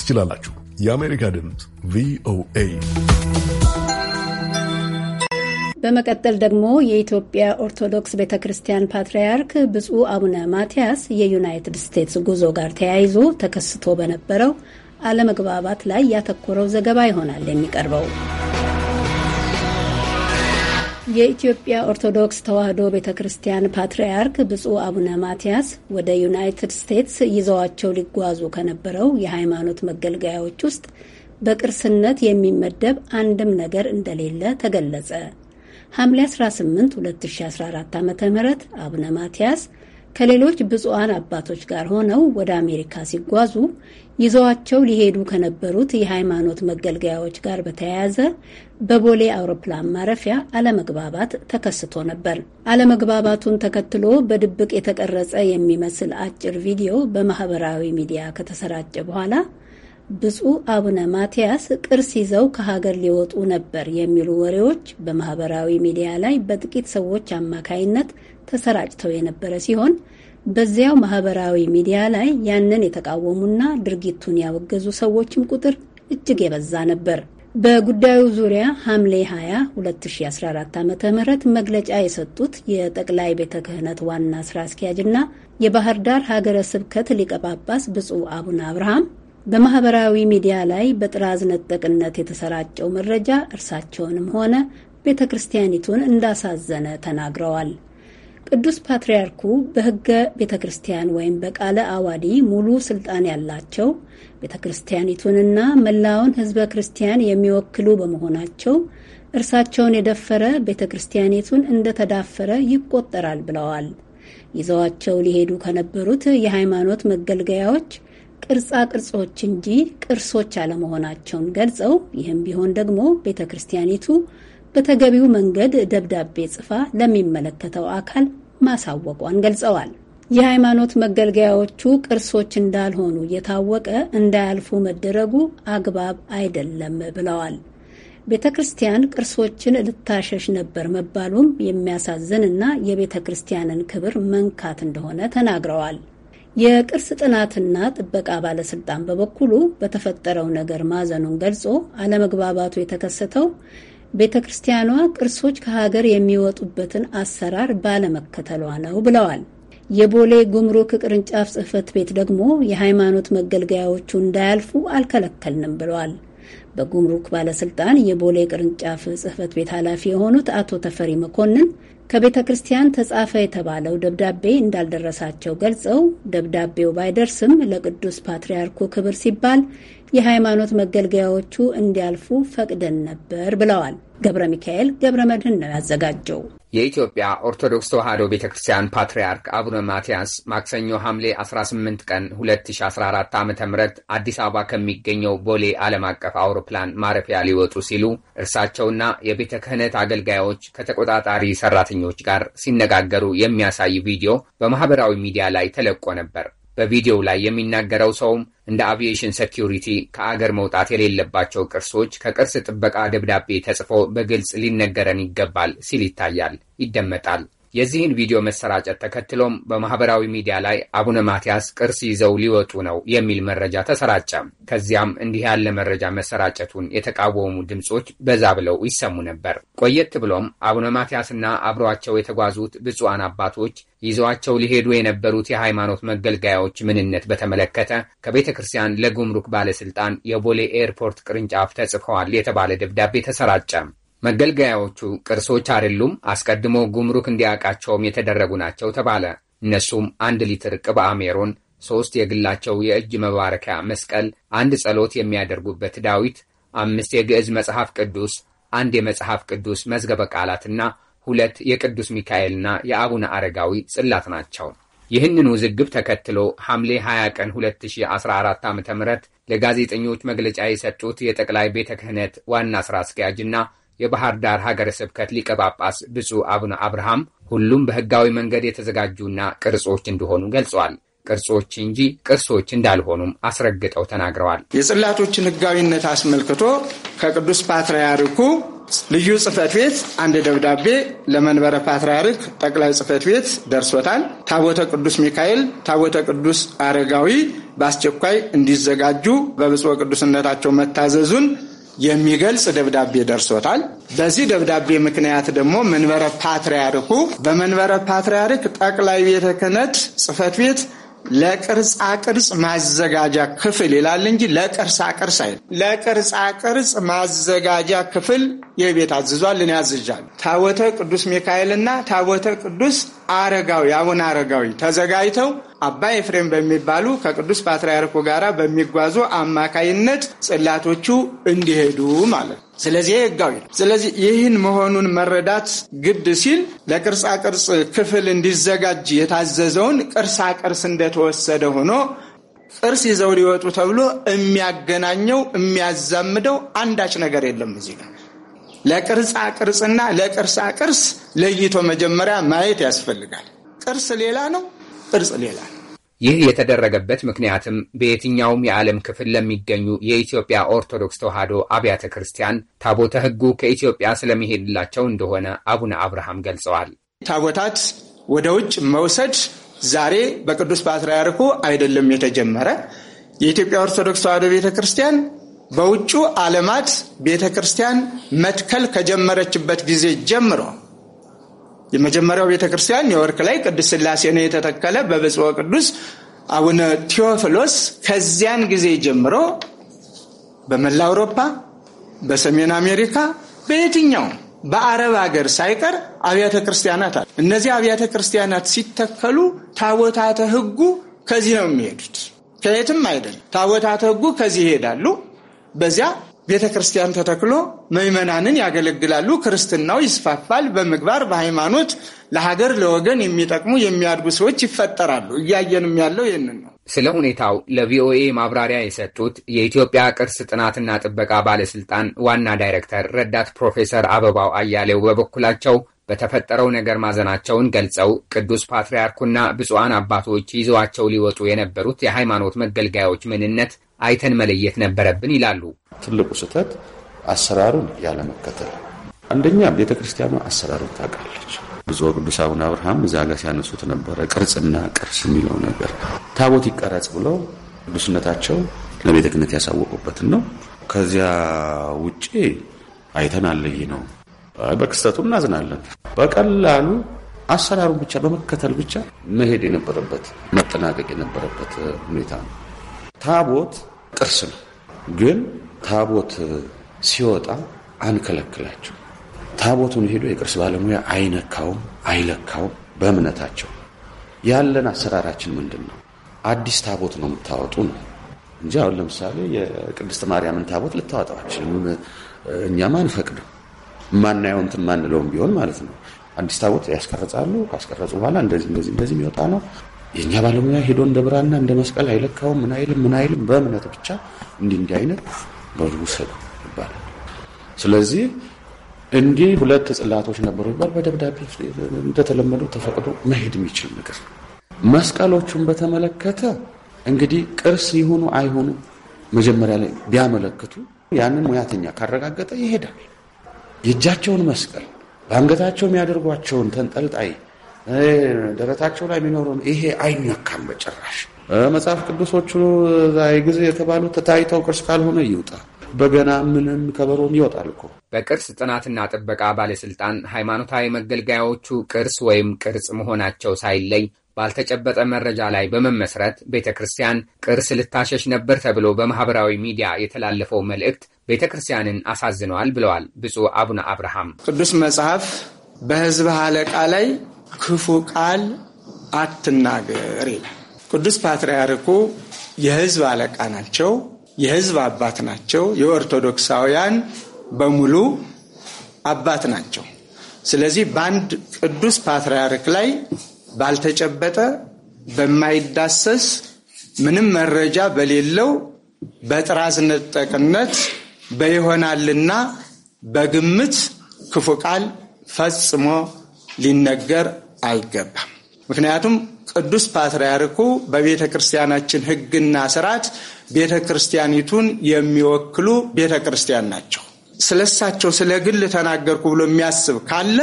ትችላላችሁ። የአሜሪካ ድምፅ ቪኦኤ። በመቀጠል ደግሞ የኢትዮጵያ ኦርቶዶክስ ቤተ ክርስቲያን ፓትርያርክ ብፁዕ አቡነ ማትያስ የዩናይትድ ስቴትስ ጉዞ ጋር ተያይዞ ተከስቶ በነበረው አለመግባባት ላይ ያተኮረው ዘገባ ይሆናል የሚቀርበው። የኢትዮጵያ ኦርቶዶክስ ተዋሕዶ ቤተ ክርስቲያን ፓትርያርክ ብፁዕ አቡነ ማትያስ ወደ ዩናይትድ ስቴትስ ይዘዋቸው ሊጓዙ ከነበረው የሃይማኖት መገልገያዎች ውስጥ በቅርስነት የሚመደብ አንድም ነገር እንደሌለ ተገለጸ። ሐምሌ 18 2014 ዓ ም አቡነ ማትያስ ከሌሎች ብፁዓን አባቶች ጋር ሆነው ወደ አሜሪካ ሲጓዙ ይዘዋቸው ሊሄዱ ከነበሩት የሃይማኖት መገልገያዎች ጋር በተያያዘ በቦሌ አውሮፕላን ማረፊያ አለመግባባት ተከስቶ ነበር። አለመግባባቱን ተከትሎ በድብቅ የተቀረጸ የሚመስል አጭር ቪዲዮ በማህበራዊ ሚዲያ ከተሰራጨ በኋላ ብፁዕ አቡነ ማትያስ ቅርስ ይዘው ከሀገር ሊወጡ ነበር የሚሉ ወሬዎች በማህበራዊ ሚዲያ ላይ በጥቂት ሰዎች አማካይነት ተሰራጭተው የነበረ ሲሆን በዚያው ማህበራዊ ሚዲያ ላይ ያንን የተቃወሙና ድርጊቱን ያወገዙ ሰዎችም ቁጥር እጅግ የበዛ ነበር። በጉዳዩ ዙሪያ ሐምሌ 20 2014 ዓ ም መግለጫ የሰጡት የጠቅላይ ቤተ ክህነት ዋና ስራ አስኪያጅና የባህር ዳር ሀገረ ስብከት ሊቀ ጳጳስ ብፁዕ አቡነ አብርሃም በማህበራዊ ሚዲያ ላይ በጥራዝ ነጠቅነት የተሰራጨው መረጃ እርሳቸውንም ሆነ ቤተ ክርስቲያኒቱን እንዳሳዘነ ተናግረዋል። ቅዱስ ፓትርያርኩ በሕገ ቤተ ክርስቲያን ወይም በቃለ አዋዲ ሙሉ ስልጣን ያላቸው ቤተ ክርስቲያኒቱንና መላውን ሕዝበ ክርስቲያን የሚወክሉ በመሆናቸው እርሳቸውን የደፈረ ቤተ ክርስቲያኒቱን እንደተዳፈረ ይቆጠራል ብለዋል። ይዘዋቸው ሊሄዱ ከነበሩት የሃይማኖት መገልገያዎች ቅርጻ ቅርጾች እንጂ ቅርሶች አለመሆናቸውን ገልጸው ይህም ቢሆን ደግሞ ቤተ ክርስቲያኒቱ በተገቢው መንገድ ደብዳቤ ጽፋ ለሚመለከተው አካል ማሳወቋን ገልጸዋል። የሃይማኖት መገልገያዎቹ ቅርሶች እንዳልሆኑ እየታወቀ እንዳያልፉ መደረጉ አግባብ አይደለም ብለዋል። ቤተ ክርስቲያን ቅርሶችን ልታሸሽ ነበር መባሉም የሚያሳዝን እና የቤተ ክርስቲያንን ክብር መንካት እንደሆነ ተናግረዋል። የቅርስ ጥናትና ጥበቃ ባለስልጣን በበኩሉ በተፈጠረው ነገር ማዘኑን ገልጾ አለመግባባቱ የተከሰተው ቤተ ክርስቲያኗ ቅርሶች ከሀገር የሚወጡበትን አሰራር ባለመከተሏ ነው ብለዋል። የቦሌ ጉምሩክ ቅርንጫፍ ጽሕፈት ቤት ደግሞ የሃይማኖት መገልገያዎቹ እንዳያልፉ አልከለከልንም ብለዋል። በጉምሩክ ባለስልጣን የቦሌ ቅርንጫፍ ጽህፈት ቤት ኃላፊ የሆኑት አቶ ተፈሪ መኮንን ከቤተ ክርስቲያን ተጻፈ የተባለው ደብዳቤ እንዳልደረሳቸው ገልጸው ደብዳቤው ባይደርስም ለቅዱስ ፓትርያርኩ ክብር ሲባል የሃይማኖት መገልገያዎቹ እንዲያልፉ ፈቅደን ነበር ብለዋል። ገብረ ሚካኤል ገብረ መድህን ነው ያዘጋጀው። የኢትዮጵያ ኦርቶዶክስ ተዋሕዶ ቤተ ክርስቲያን ፓትርያርክ አቡነ ማትያስ ማክሰኞ ሐምሌ 18 ቀን 2014 ዓ ም አዲስ አበባ ከሚገኘው ቦሌ ዓለም አቀፍ አውሮፕላን ማረፊያ ሊወጡ ሲሉ እርሳቸውና የቤተ ክህነት አገልጋዮች ከተቆጣጣሪ ሰራተኞች ጋር ሲነጋገሩ የሚያሳይ ቪዲዮ በማኅበራዊ ሚዲያ ላይ ተለቆ ነበር። በቪዲዮው ላይ የሚናገረው ሰውም እንደ አቪዬሽን ሴኪዩሪቲ ከአገር መውጣት የሌለባቸው ቅርሶች ከቅርስ ጥበቃ ደብዳቤ ተጽፎ በግልጽ ሊነገረን ይገባል ሲል ይታያል፣ ይደመጣል። የዚህን ቪዲዮ መሰራጨት ተከትሎም በማህበራዊ ሚዲያ ላይ አቡነ ማትያስ ቅርስ ይዘው ሊወጡ ነው የሚል መረጃ ተሰራጨ። ከዚያም እንዲህ ያለ መረጃ መሰራጨቱን የተቃወሙ ድምፆች በዛ ብለው ይሰሙ ነበር። ቆየት ብሎም አቡነ ማትያስና አብረዋቸው የተጓዙት ብፁዓን አባቶች ይዘዋቸው ሊሄዱ የነበሩት የሃይማኖት መገልገያዎች ምንነት በተመለከተ ከቤተ ክርስቲያን ለጉምሩክ ባለስልጣን የቦሌ ኤርፖርት ቅርንጫፍ ተጽፈዋል የተባለ ደብዳቤ ተሰራጨ። መገልገያዎቹ ቅርሶች አይደሉም፣ አስቀድሞ ጉምሩክ እንዲያውቃቸውም የተደረጉ ናቸው ተባለ። እነሱም አንድ ሊትር ቅብአ ሜሮን፣ ሦስት የግላቸው የእጅ መባረኪያ መስቀል፣ አንድ ጸሎት የሚያደርጉበት ዳዊት፣ አምስት የግዕዝ መጽሐፍ ቅዱስ፣ አንድ የመጽሐፍ ቅዱስ መዝገበ ቃላትና ሁለት የቅዱስ ሚካኤልና የአቡነ አረጋዊ ጽላት ናቸው። ይህንን ውዝግብ ተከትሎ ሐምሌ 20 ቀን 2014 ዓ ም ለጋዜጠኞች መግለጫ የሰጡት የጠቅላይ ቤተ ክህነት ዋና ሥራ አስኪያጅና የባህር ዳር ሀገረ ስብከት ሊቀ ጳጳስ ብፁዕ አቡነ አብርሃም ሁሉም በሕጋዊ መንገድ የተዘጋጁና ቅርጾች እንደሆኑ ገልጸዋል። ቅርጾች እንጂ ቅርሶች እንዳልሆኑም አስረግጠው ተናግረዋል። የጽላቶችን ሕጋዊነት አስመልክቶ ከቅዱስ ፓትርያርኩ ልዩ ጽህፈት ቤት አንድ ደብዳቤ ለመንበረ ፓትርያርክ ጠቅላይ ጽሕፈት ቤት ደርሶታል። ታቦተ ቅዱስ ሚካኤል፣ ታቦተ ቅዱስ አረጋዊ በአስቸኳይ እንዲዘጋጁ በብፁዕ ቅዱስነታቸው መታዘዙን የሚገልጽ ደብዳቤ ደርሶታል። በዚህ ደብዳቤ ምክንያት ደግሞ መንበረ ፓትርያርኩ በመንበረ ፓትርያርክ ጠቅላይ ቤተ ክህነት ጽሕፈት ቤት ለቅርጻ ቅርጽ ማዘጋጃ ክፍል ይላል እንጂ ለቅርጻ ቅርጽ አይ ለቅርጻ ቅርጽ ማዘጋጃ ክፍል የቤት አዝዟል። እኔ ያዝዣል። ታቦተ ቅዱስ ሚካኤልና ታቦተ ቅዱስ አረጋዊ አቡነ አረጋዊ ተዘጋጅተው አባ ኤፍሬም በሚባሉ ከቅዱስ ፓትርያርኩ ጋር በሚጓዙ አማካይነት ጽላቶቹ እንዲሄዱ ማለት ነው። ስለዚህ ህጋዊ ነው። ስለዚህ ይህን መሆኑን መረዳት ግድ ሲል ለቅርጻቅርጽ ክፍል እንዲዘጋጅ የታዘዘውን ቅርሳቅርስ እንደተወሰደ ሆኖ ቅርስ ይዘው ሊወጡ ተብሎ የሚያገናኘው የሚያዛምደው አንዳች ነገር የለም እዚህ ጋር ለቅርጻ ቅርጽና ለቅርሳ ቅርስ ለይቶ መጀመሪያ ማየት ያስፈልጋል። ቅርስ ሌላ ነው፣ ቅርጽ ሌላ ይህ የተደረገበት ምክንያትም በየትኛውም የዓለም ክፍል ለሚገኙ የኢትዮጵያ ኦርቶዶክስ ተዋሕዶ አብያተ ክርስቲያን ታቦተ ሕጉ ከኢትዮጵያ ስለሚሄድላቸው እንደሆነ አቡነ አብርሃም ገልጸዋል። ታቦታት ወደ ውጭ መውሰድ ዛሬ በቅዱስ ፓትርያርኩ አይደለም የተጀመረ። የኢትዮጵያ ኦርቶዶክስ ተዋሕዶ ቤተ ክርስቲያን በውጩ ዓለማት ቤተ ክርስቲያን መትከል ከጀመረችበት ጊዜ ጀምሮ የመጀመሪያው ቤተ ክርስቲያን ኒውዮርክ ላይ ቅዱስ ስላሴ ነው የተተከለ በብፁዕ ቅዱስ አቡነ ቴዎፍሎስ። ከዚያን ጊዜ ጀምሮ በመላ አውሮፓ፣ በሰሜን አሜሪካ፣ በየትኛው በአረብ ሀገር ሳይቀር አብያተ ክርስቲያናት አሉ። እነዚህ አብያተ ክርስቲያናት ሲተከሉ ታቦታተ ሕጉ ከዚህ ነው የሚሄዱት፣ ከየትም አይደለም። ታቦታተ ሕጉ ከዚህ ይሄዳሉ። በዚያ ቤተ ክርስቲያን ተተክሎ ምዕመናንን ያገለግላሉ። ክርስትናው ይስፋፋል። በምግባር በሃይማኖት ለሀገር ለወገን የሚጠቅሙ የሚያድጉ ሰዎች ይፈጠራሉ። እያየንም ያለው ይህንን ነው። ስለ ሁኔታው ለቪኦኤ ማብራሪያ የሰጡት የኢትዮጵያ ቅርስ ጥናትና ጥበቃ ባለስልጣን ዋና ዳይሬክተር ረዳት ፕሮፌሰር አበባው አያሌው በበኩላቸው በተፈጠረው ነገር ማዘናቸውን ገልጸው ቅዱስ ፓትርያርኩና ብፁዓን አባቶች ይዘዋቸው ሊወጡ የነበሩት የሃይማኖት መገልገያዎች ምንነት አይተን መለየት ነበረብን ይላሉ። ትልቁ ስህተት አሰራሩን ያለመከተል። አንደኛ ቤተ ክርስቲያኑ አሰራሩን ታውቃለች። ብዙ ቅዱስ አቡነ አብርሃም እዛ ጋር ሲያነሱት ነበረ ቅርጽና ቅርስ የሚለው ነገር ታቦት ይቀረጽ ብለው ቅዱስነታቸው ለቤተ ክህነት ያሳወቁበትን ነው። ከዚያ ውጭ አይተን አለይ ነው። በክስተቱ እናዝናለን። በቀላሉ አሰራሩን ብቻ በመከተል ብቻ መሄድ የነበረበት መጠናቀቅ የነበረበት ሁኔታ ነው። ታቦት ጥርስ ነው። ግን ታቦት ሲወጣ አንከለክላቸው። ታቦቱን ሄዶ የቅርስ ባለሙያ አይነካውም፣ አይለካውም። በእምነታቸው ያለን አሰራራችን ምንድን ነው? አዲስ ታቦት ነው የምታወጡ ነው እንጂ አሁን ለምሳሌ የቅድስት ማርያምን ታቦት ልታወጣዋችልም እኛም አንፈቅድም። ማናየው እንትን ማንለውም ቢሆን ማለት ነው። አዲስ ታቦት ያስቀርጻሉ። ካስቀረጹ በኋላ እንደዚህ እንደዚህ እንደዚህ የሚወጣ ነው የእኛ ባለሙያ ሄዶ እንደ ብራና እንደ መስቀል አይለካውም። ምን አይልም ምን አይልም። በእምነት ብቻ እንዲህ እንዲህ አይነት በውሰዱ ይባላል። ስለዚህ እንዲህ ሁለት ጽላቶች ነበሩ ይባል በደብዳቤ እንደተለመደው ተፈቅዶ መሄድ የሚችል ነገር መስቀሎቹን በተመለከተ እንግዲህ ቅርስ ይሁኑ አይሁኑ መጀመሪያ ላይ ቢያመለክቱ ያንን ሙያተኛ ካረጋገጠ ይሄዳል። የእጃቸውን መስቀል በአንገታቸው የሚያደርጓቸውን ተንጠልጣይ ደረታቸው ላይ የሚኖረውን ይሄ አይነካም በጭራሽ። መጽሐፍ ቅዱሶቹ ጊዜ የተባሉ ተታይተው ቅርስ ካልሆነ ይውጣ። በገና ምንም ከበሮም ይወጣል እኮ። በቅርስ ጥናትና ጥበቃ ባለስልጣን ሃይማኖታዊ መገልገያዎቹ ቅርስ ወይም ቅርጽ መሆናቸው ሳይለይ ባልተጨበጠ መረጃ ላይ በመመስረት ቤተ ክርስቲያን ቅርስ ልታሸሽ ነበር ተብሎ በማህበራዊ ሚዲያ የተላለፈው መልእክት ቤተ ክርስቲያንን አሳዝነዋል ብለዋል ብፁዕ አቡነ አብርሃም። ቅዱስ መጽሐፍ በሕዝብ አለቃ ላይ ክፉ ቃል አትናገር ይላል። ቅዱስ ፓትርያርኩ የህዝብ አለቃ ናቸው፣ የህዝብ አባት ናቸው፣ የኦርቶዶክሳውያን በሙሉ አባት ናቸው። ስለዚህ በአንድ ቅዱስ ፓትርያርክ ላይ ባልተጨበጠ በማይዳሰስ ምንም መረጃ በሌለው በጥራዝ ነጠቅነት በይሆናልና በግምት ክፉ ቃል ፈጽሞ ሊነገር አይገባም። ምክንያቱም ቅዱስ ፓትርያርኩ በቤተ ክርስቲያናችን ሕግና ስርዓት ቤተ ክርስቲያኒቱን የሚወክሉ ቤተ ክርስቲያን ናቸው። ስለሳቸው ስለ ግል ተናገርኩ ብሎ የሚያስብ ካለ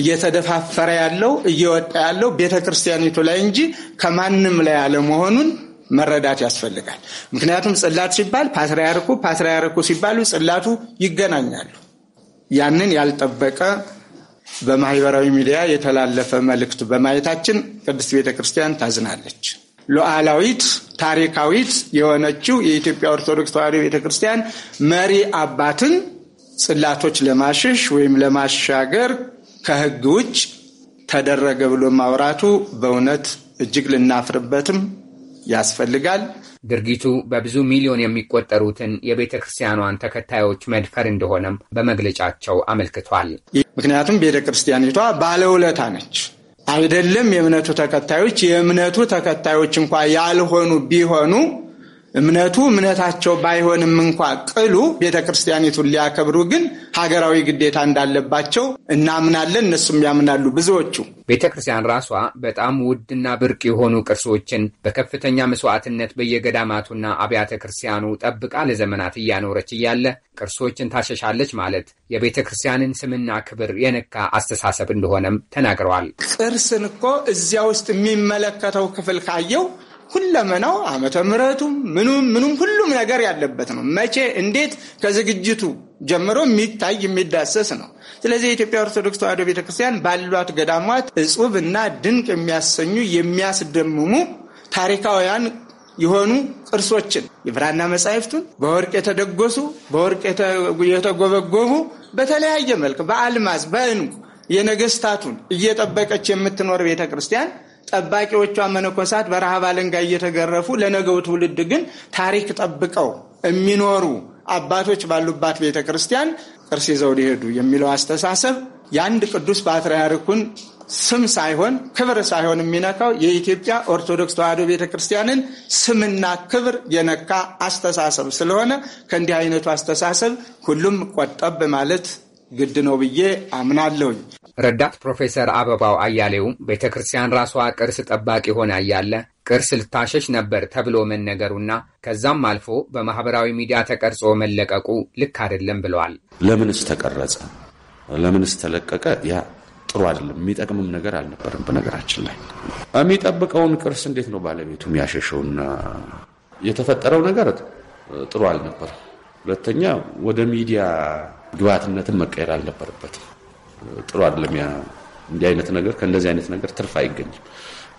እየተደፋፈረ ያለው እየወጣ ያለው ቤተ ክርስቲያኒቱ ላይ እንጂ ከማንም ላይ አለመሆኑን መረዳት ያስፈልጋል። ምክንያቱም ጽላት ሲባል ፓትርያርኩ፣ ፓትርያርኩ ሲባሉ ጽላቱ ይገናኛሉ። ያንን ያልጠበቀ በማህበራዊ ሚዲያ የተላለፈ መልእክት በማየታችን ቅድስት ቤተ ክርስቲያን ታዝናለች። ሉዓላዊት ታሪካዊት የሆነችው የኢትዮጵያ ኦርቶዶክስ ተዋሕዶ ቤተ ክርስቲያን መሪ አባትን ጽላቶች ለማሸሽ ወይም ለማሻገር ከሕግ ውጭ ተደረገ ብሎ ማውራቱ በእውነት እጅግ ልናፍርበትም ያስፈልጋል። ድርጊቱ በብዙ ሚሊዮን የሚቆጠሩትን የቤተ ክርስቲያኗን ተከታዮች መድፈር እንደሆነም በመግለጫቸው አመልክቷል። ምክንያቱም ቤተ ክርስቲያኒቷ ባለውለታ ነች። አይደለም የእምነቱ ተከታዮች የእምነቱ ተከታዮች እንኳ ያልሆኑ ቢሆኑ እምነቱ እምነታቸው ባይሆንም እንኳ ቅሉ ቤተ ክርስቲያኒቱን ሊያከብሩ ግን ሀገራዊ ግዴታ እንዳለባቸው እናምናለን። እነሱም ያምናሉ። ብዙዎቹ ቤተ ክርስቲያን ራሷ በጣም ውድና ብርቅ የሆኑ ቅርሶችን በከፍተኛ መስዋዕትነት በየገዳማቱና አብያተ ክርስቲያኑ ጠብቃ ለዘመናት እያኖረች እያለ ቅርሶችን ታሸሻለች ማለት የቤተ ክርስቲያንን ስምና ክብር የነካ አስተሳሰብ እንደሆነም ተናግረዋል። ቅርስን እኮ እዚያ ውስጥ የሚመለከተው ክፍል ካየው ሁለመናው ዓመተ ምሕረቱም ምኑም ምኑም ሁሉም ነገር ያለበት ነው። መቼ እንዴት ከዝግጅቱ ጀምሮ የሚታይ የሚዳሰስ ነው። ስለዚህ የኢትዮጵያ ኦርቶዶክስ ተዋሕዶ ቤተክርስቲያን ባሏት ገዳማት እጹብ እና ድንቅ የሚያሰኙ የሚያስደምሙ ታሪካውያን የሆኑ ቅርሶችን የብራና መጻሕፍቱን በወርቅ የተደጎሱ በወርቅ የተጎበጎቡ በተለያየ መልክ በአልማዝ በእንቁ የነገስታቱን እየጠበቀች የምትኖር ቤተ ክርስቲያን ጠባቂዎቿ መነኮሳት በረሃብ አለንጋ እየተገረፉ ለነገው ትውልድ ግን ታሪክ ጠብቀው የሚኖሩ አባቶች ባሉባት ቤተ ክርስቲያን ቅርስ ይዘው ሊሄዱ የሚለው አስተሳሰብ የአንድ ቅዱስ ፓትርያርኩን ስም ሳይሆን ክብር ሳይሆን የሚነካው የኢትዮጵያ ኦርቶዶክስ ተዋሕዶ ቤተ ክርስቲያንን ስምና ክብር የነካ አስተሳሰብ ስለሆነ ከእንዲህ አይነቱ አስተሳሰብ ሁሉም ቆጠብ ማለት ግድ ነው ብዬ አምናለሁኝ። ረዳት ፕሮፌሰር አበባው አያሌውም ቤተ ክርስቲያን ራሷ ቅርስ ጠባቂ ሆና እያለ ቅርስ ልታሸሽ ነበር ተብሎ መነገሩና ከዛም አልፎ በማህበራዊ ሚዲያ ተቀርጾ መለቀቁ ልክ አይደለም ብለዋል። ለምንስ ተቀረጸ? ለምንስ ተለቀቀ? ያ ጥሩ አይደለም። የሚጠቅምም ነገር አልነበርም በነገራችን ላይ የሚጠብቀውን ቅርስ እንዴት ነው ባለቤቱ የሚያሸሸውና የተፈጠረው ነገር ጥሩ አልነበር። ሁለተኛ ወደ ሚዲያ ግብአትነትን መቀየር አልነበረበትም። ጥሩ አይደለም። እንዲህ አይነት ነገር ከእንደዚህ አይነት ነገር ትርፍ አይገኝም።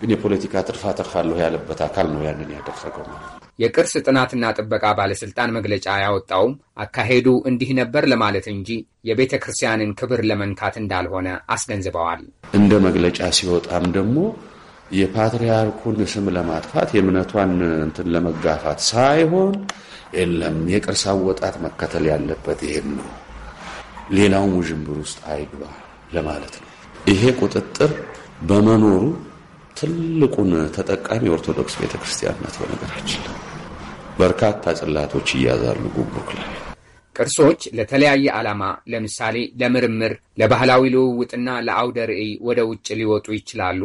ግን የፖለቲካ ትርፍ አተርፋለሁ ያለበት አካል ነው ያንን ያደረገው። የቅርስ ጥናትና ጥበቃ ባለስልጣን መግለጫ ያወጣውም አካሄዱ እንዲህ ነበር ለማለት እንጂ የቤተ ክርስቲያንን ክብር ለመንካት እንዳልሆነ አስገንዝበዋል። እንደ መግለጫ ሲወጣም ደግሞ የፓትርያርኩን ስም ለማጥፋት የእምነቷን እንትን ለመጋፋት ሳይሆን የለም የቅርስ አወጣት መከተል ያለበት ይህም ነው ሌላውም ውዥንብር ውስጥ አይግባ ለማለት ነው። ይሄ ቁጥጥር በመኖሩ ትልቁን ተጠቃሚ ኦርቶዶክስ ቤተክርስቲያን ናት። በነገራችን በርካታ ጽላቶች ይያዛሉ ጉቡክ ላይ። ቅርሶች ለተለያየ ዓላማ ለምሳሌ ለምርምር፣ ለባህላዊ ልውውጥና ለአውደ ርዕይ ወደ ውጭ ሊወጡ ይችላሉ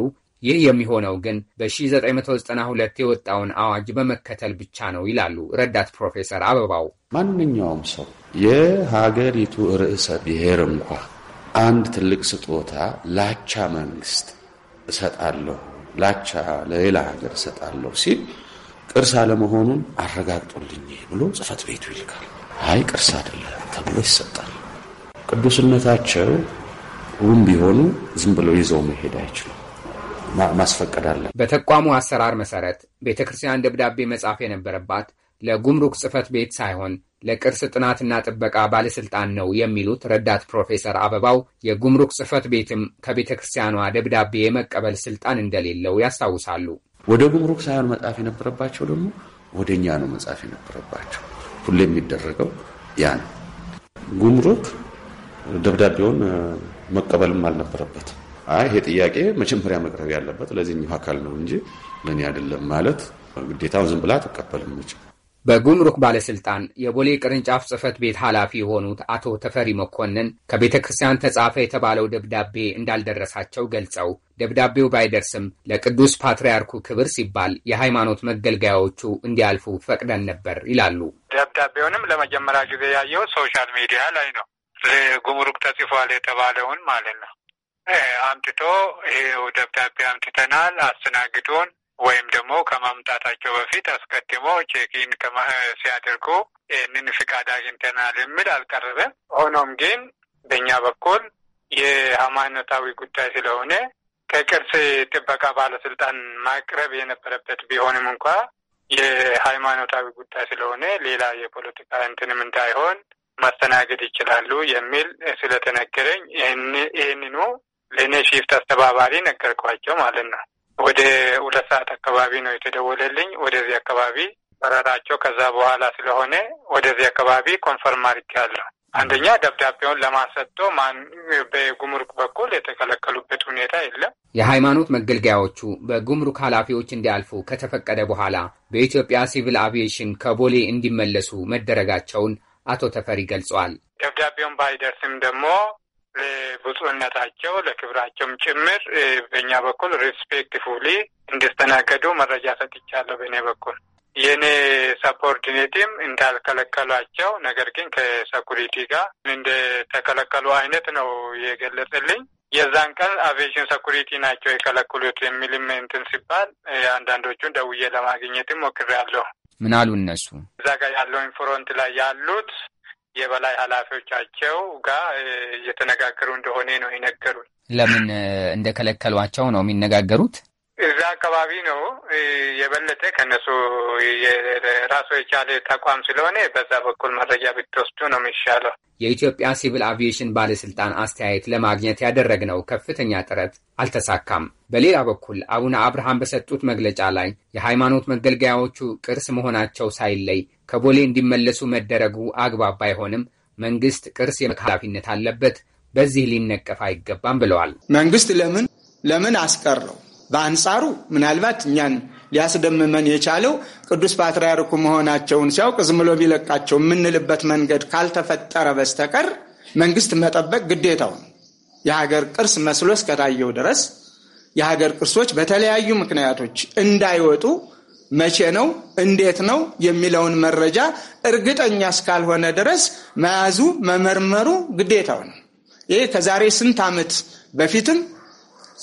ይህ የሚሆነው ግን በ1992 የወጣውን አዋጅ በመከተል ብቻ ነው ይላሉ ረዳት ፕሮፌሰር አበባው። ማንኛውም ሰው የሀገሪቱ ርዕሰ ብሔር እንኳ አንድ ትልቅ ስጦታ ላቻ መንግስት እሰጣለሁ፣ ላቻ ለሌላ ሀገር እሰጣለሁ ሲል ቅርስ አለመሆኑን አረጋግጡልኝ ብሎ ጽፈት ቤቱ ይልካል። አይ ቅርስ አይደለም ተብሎ ይሰጣል። ቅዱስነታቸው ውም ቢሆኑ ዝም ብለው ይዘው መሄድ አይችሉም። ማስፈቀዳለን። በተቋሙ አሰራር መሰረት ቤተ ክርስቲያን ደብዳቤ መጻፍ የነበረባት ለጉምሩክ ጽህፈት ቤት ሳይሆን ለቅርስ ጥናትና ጥበቃ ባለስልጣን ነው የሚሉት ረዳት ፕሮፌሰር አበባው የጉምሩክ ጽህፈት ቤትም ከቤተ ክርስቲያኗ ደብዳቤ የመቀበል ስልጣን እንደሌለው ያስታውሳሉ። ወደ ጉምሩክ ሳይሆን መጻፍ የነበረባቸው ደግሞ ወደ እኛ ነው መጻፍ የነበረባቸው። ሁሌ የሚደረገው ያ ነው። ጉምሩክ ደብዳቤውን መቀበልም አልነበረበትም። አይ ይሄ ጥያቄ መጀመሪያ መቅረብ ያለበት ለዚህኛው አካል ነው እንጂ ለእኔ አይደለም ማለት ግዴታውን ዝም ብላ አትቀበልም። በጉምሩክ ባለስልጣን የቦሌ ቅርንጫፍ ጽህፈት ቤት ኃላፊ የሆኑት አቶ ተፈሪ መኮንን ከቤተ ክርስቲያን ተጻፈ የተባለው ደብዳቤ እንዳልደረሳቸው ገልጸው ደብዳቤው ባይደርስም ለቅዱስ ፓትርያርኩ ክብር ሲባል የሃይማኖት መገልገያዎቹ እንዲያልፉ ፈቅደን ነበር ይላሉ። ደብዳቤውንም ለመጀመሪያ ጊዜ ያየው ሶሻል ሚዲያ ላይ ነው። ጉምሩክ ተጽፏል የተባለውን ማለት ነው አምጥቶ ይሄው ደብዳቤ አምጥተናል አስተናግዶን ወይም ደግሞ ከማምጣታቸው በፊት አስቀድሞ ቼኪን ሲያደርጉ ይህንን ፍቃድ አግኝተናል የሚል አልቀረበም። ሆኖም ግን በእኛ በኩል የሃይማኖታዊ ጉዳይ ስለሆነ ከቅርስ ጥበቃ ባለስልጣን ማቅረብ የነበረበት ቢሆንም እንኳ የሃይማኖታዊ ጉዳይ ስለሆነ ሌላ የፖለቲካ እንትንም እንዳይሆን ማስተናገድ ይችላሉ የሚል ስለተነገረኝ ይህንኑ ለእኔ ሺፍት አስተባባሪ ነገርኳቸው ማለት ነው። ወደ ሁለት ሰዓት አካባቢ ነው የተደወለልኝ ወደዚህ አካባቢ በረራቸው ከዛ በኋላ ስለሆነ ወደዚህ አካባቢ ኮንፈርም አድርጌያለሁ። አንደኛ ደብዳቤውን ለማሰጥቶ ማን በጉምሩክ በኩል የተከለከሉበት ሁኔታ የለም። የሃይማኖት መገልገያዎቹ በጉምሩክ ኃላፊዎች እንዲያልፉ ከተፈቀደ በኋላ በኢትዮጵያ ሲቪል አቪዬሽን ከቦሌ እንዲመለሱ መደረጋቸውን አቶ ተፈሪ ገልጸዋል። ደብዳቤውን ባይደርስም ደግሞ ለብፁዕነታቸው ለክብራቸውም ጭምር በእኛ በኩል ፉሊ እንዲስተናገዱ መረጃ ሰጥቻለሁ። በእኔ በኩል የእኔ ሰፖርዲኔቲም እንዳልከለከሏቸው፣ ነገር ግን ከሰኩሪቲ ጋር እንደተከለከሉ አይነት ነው የገለጽልኝ። የዛን ቀን አቪዬሽን ሰኩሪቲ ናቸው የከለክሉት የሚልም እንትን ሲባል አንዳንዶቹን ደውዬ ለማግኘትም ሞክሬያለሁ። ምን አሉ እነሱ? እዛ ጋር ያለው ፍሮንት ላይ ያሉት የበላይ ኃላፊዎቻቸው ጋር እየተነጋገሩ እንደሆነ ነው የነገሩት። ለምን እንደከለከሏቸው ነው የሚነጋገሩት? እዛ አካባቢ ነው የበለጠ ከእነሱ ራሱ የቻለ ተቋም ስለሆነ በዛ በኩል መረጃ ብትወስዱ ነው የሚሻለው። የኢትዮጵያ ሲቪል አቪዬሽን ባለስልጣን አስተያየት ለማግኘት ያደረግነው ከፍተኛ ጥረት አልተሳካም። በሌላ በኩል አቡነ አብርሃም በሰጡት መግለጫ ላይ የሃይማኖት መገልገያዎቹ ቅርስ መሆናቸው ሳይለይ ከቦሌ እንዲመለሱ መደረጉ አግባብ ባይሆንም መንግስት ቅርስ የመካላፊነት አለበት፣ በዚህ ሊነቀፍ አይገባም ብለዋል። መንግስት ለምን ለምን አስቀረው? በአንጻሩ ምናልባት እኛን ሊያስደምመን የቻለው ቅዱስ ፓትርያርኩ መሆናቸውን ሲያውቅ ዝም ብሎ ቢለቃቸው የምንልበት መንገድ ካልተፈጠረ በስተቀር መንግስት መጠበቅ ግዴታው ነው። የሀገር ቅርስ መስሎ እስከታየው ድረስ የሀገር ቅርሶች በተለያዩ ምክንያቶች እንዳይወጡ መቼ ነው፣ እንዴት ነው የሚለውን መረጃ እርግጠኛ እስካልሆነ ድረስ መያዙ መመርመሩ ግዴታው ነው። ይህ ከዛሬ ስንት ዓመት በፊትም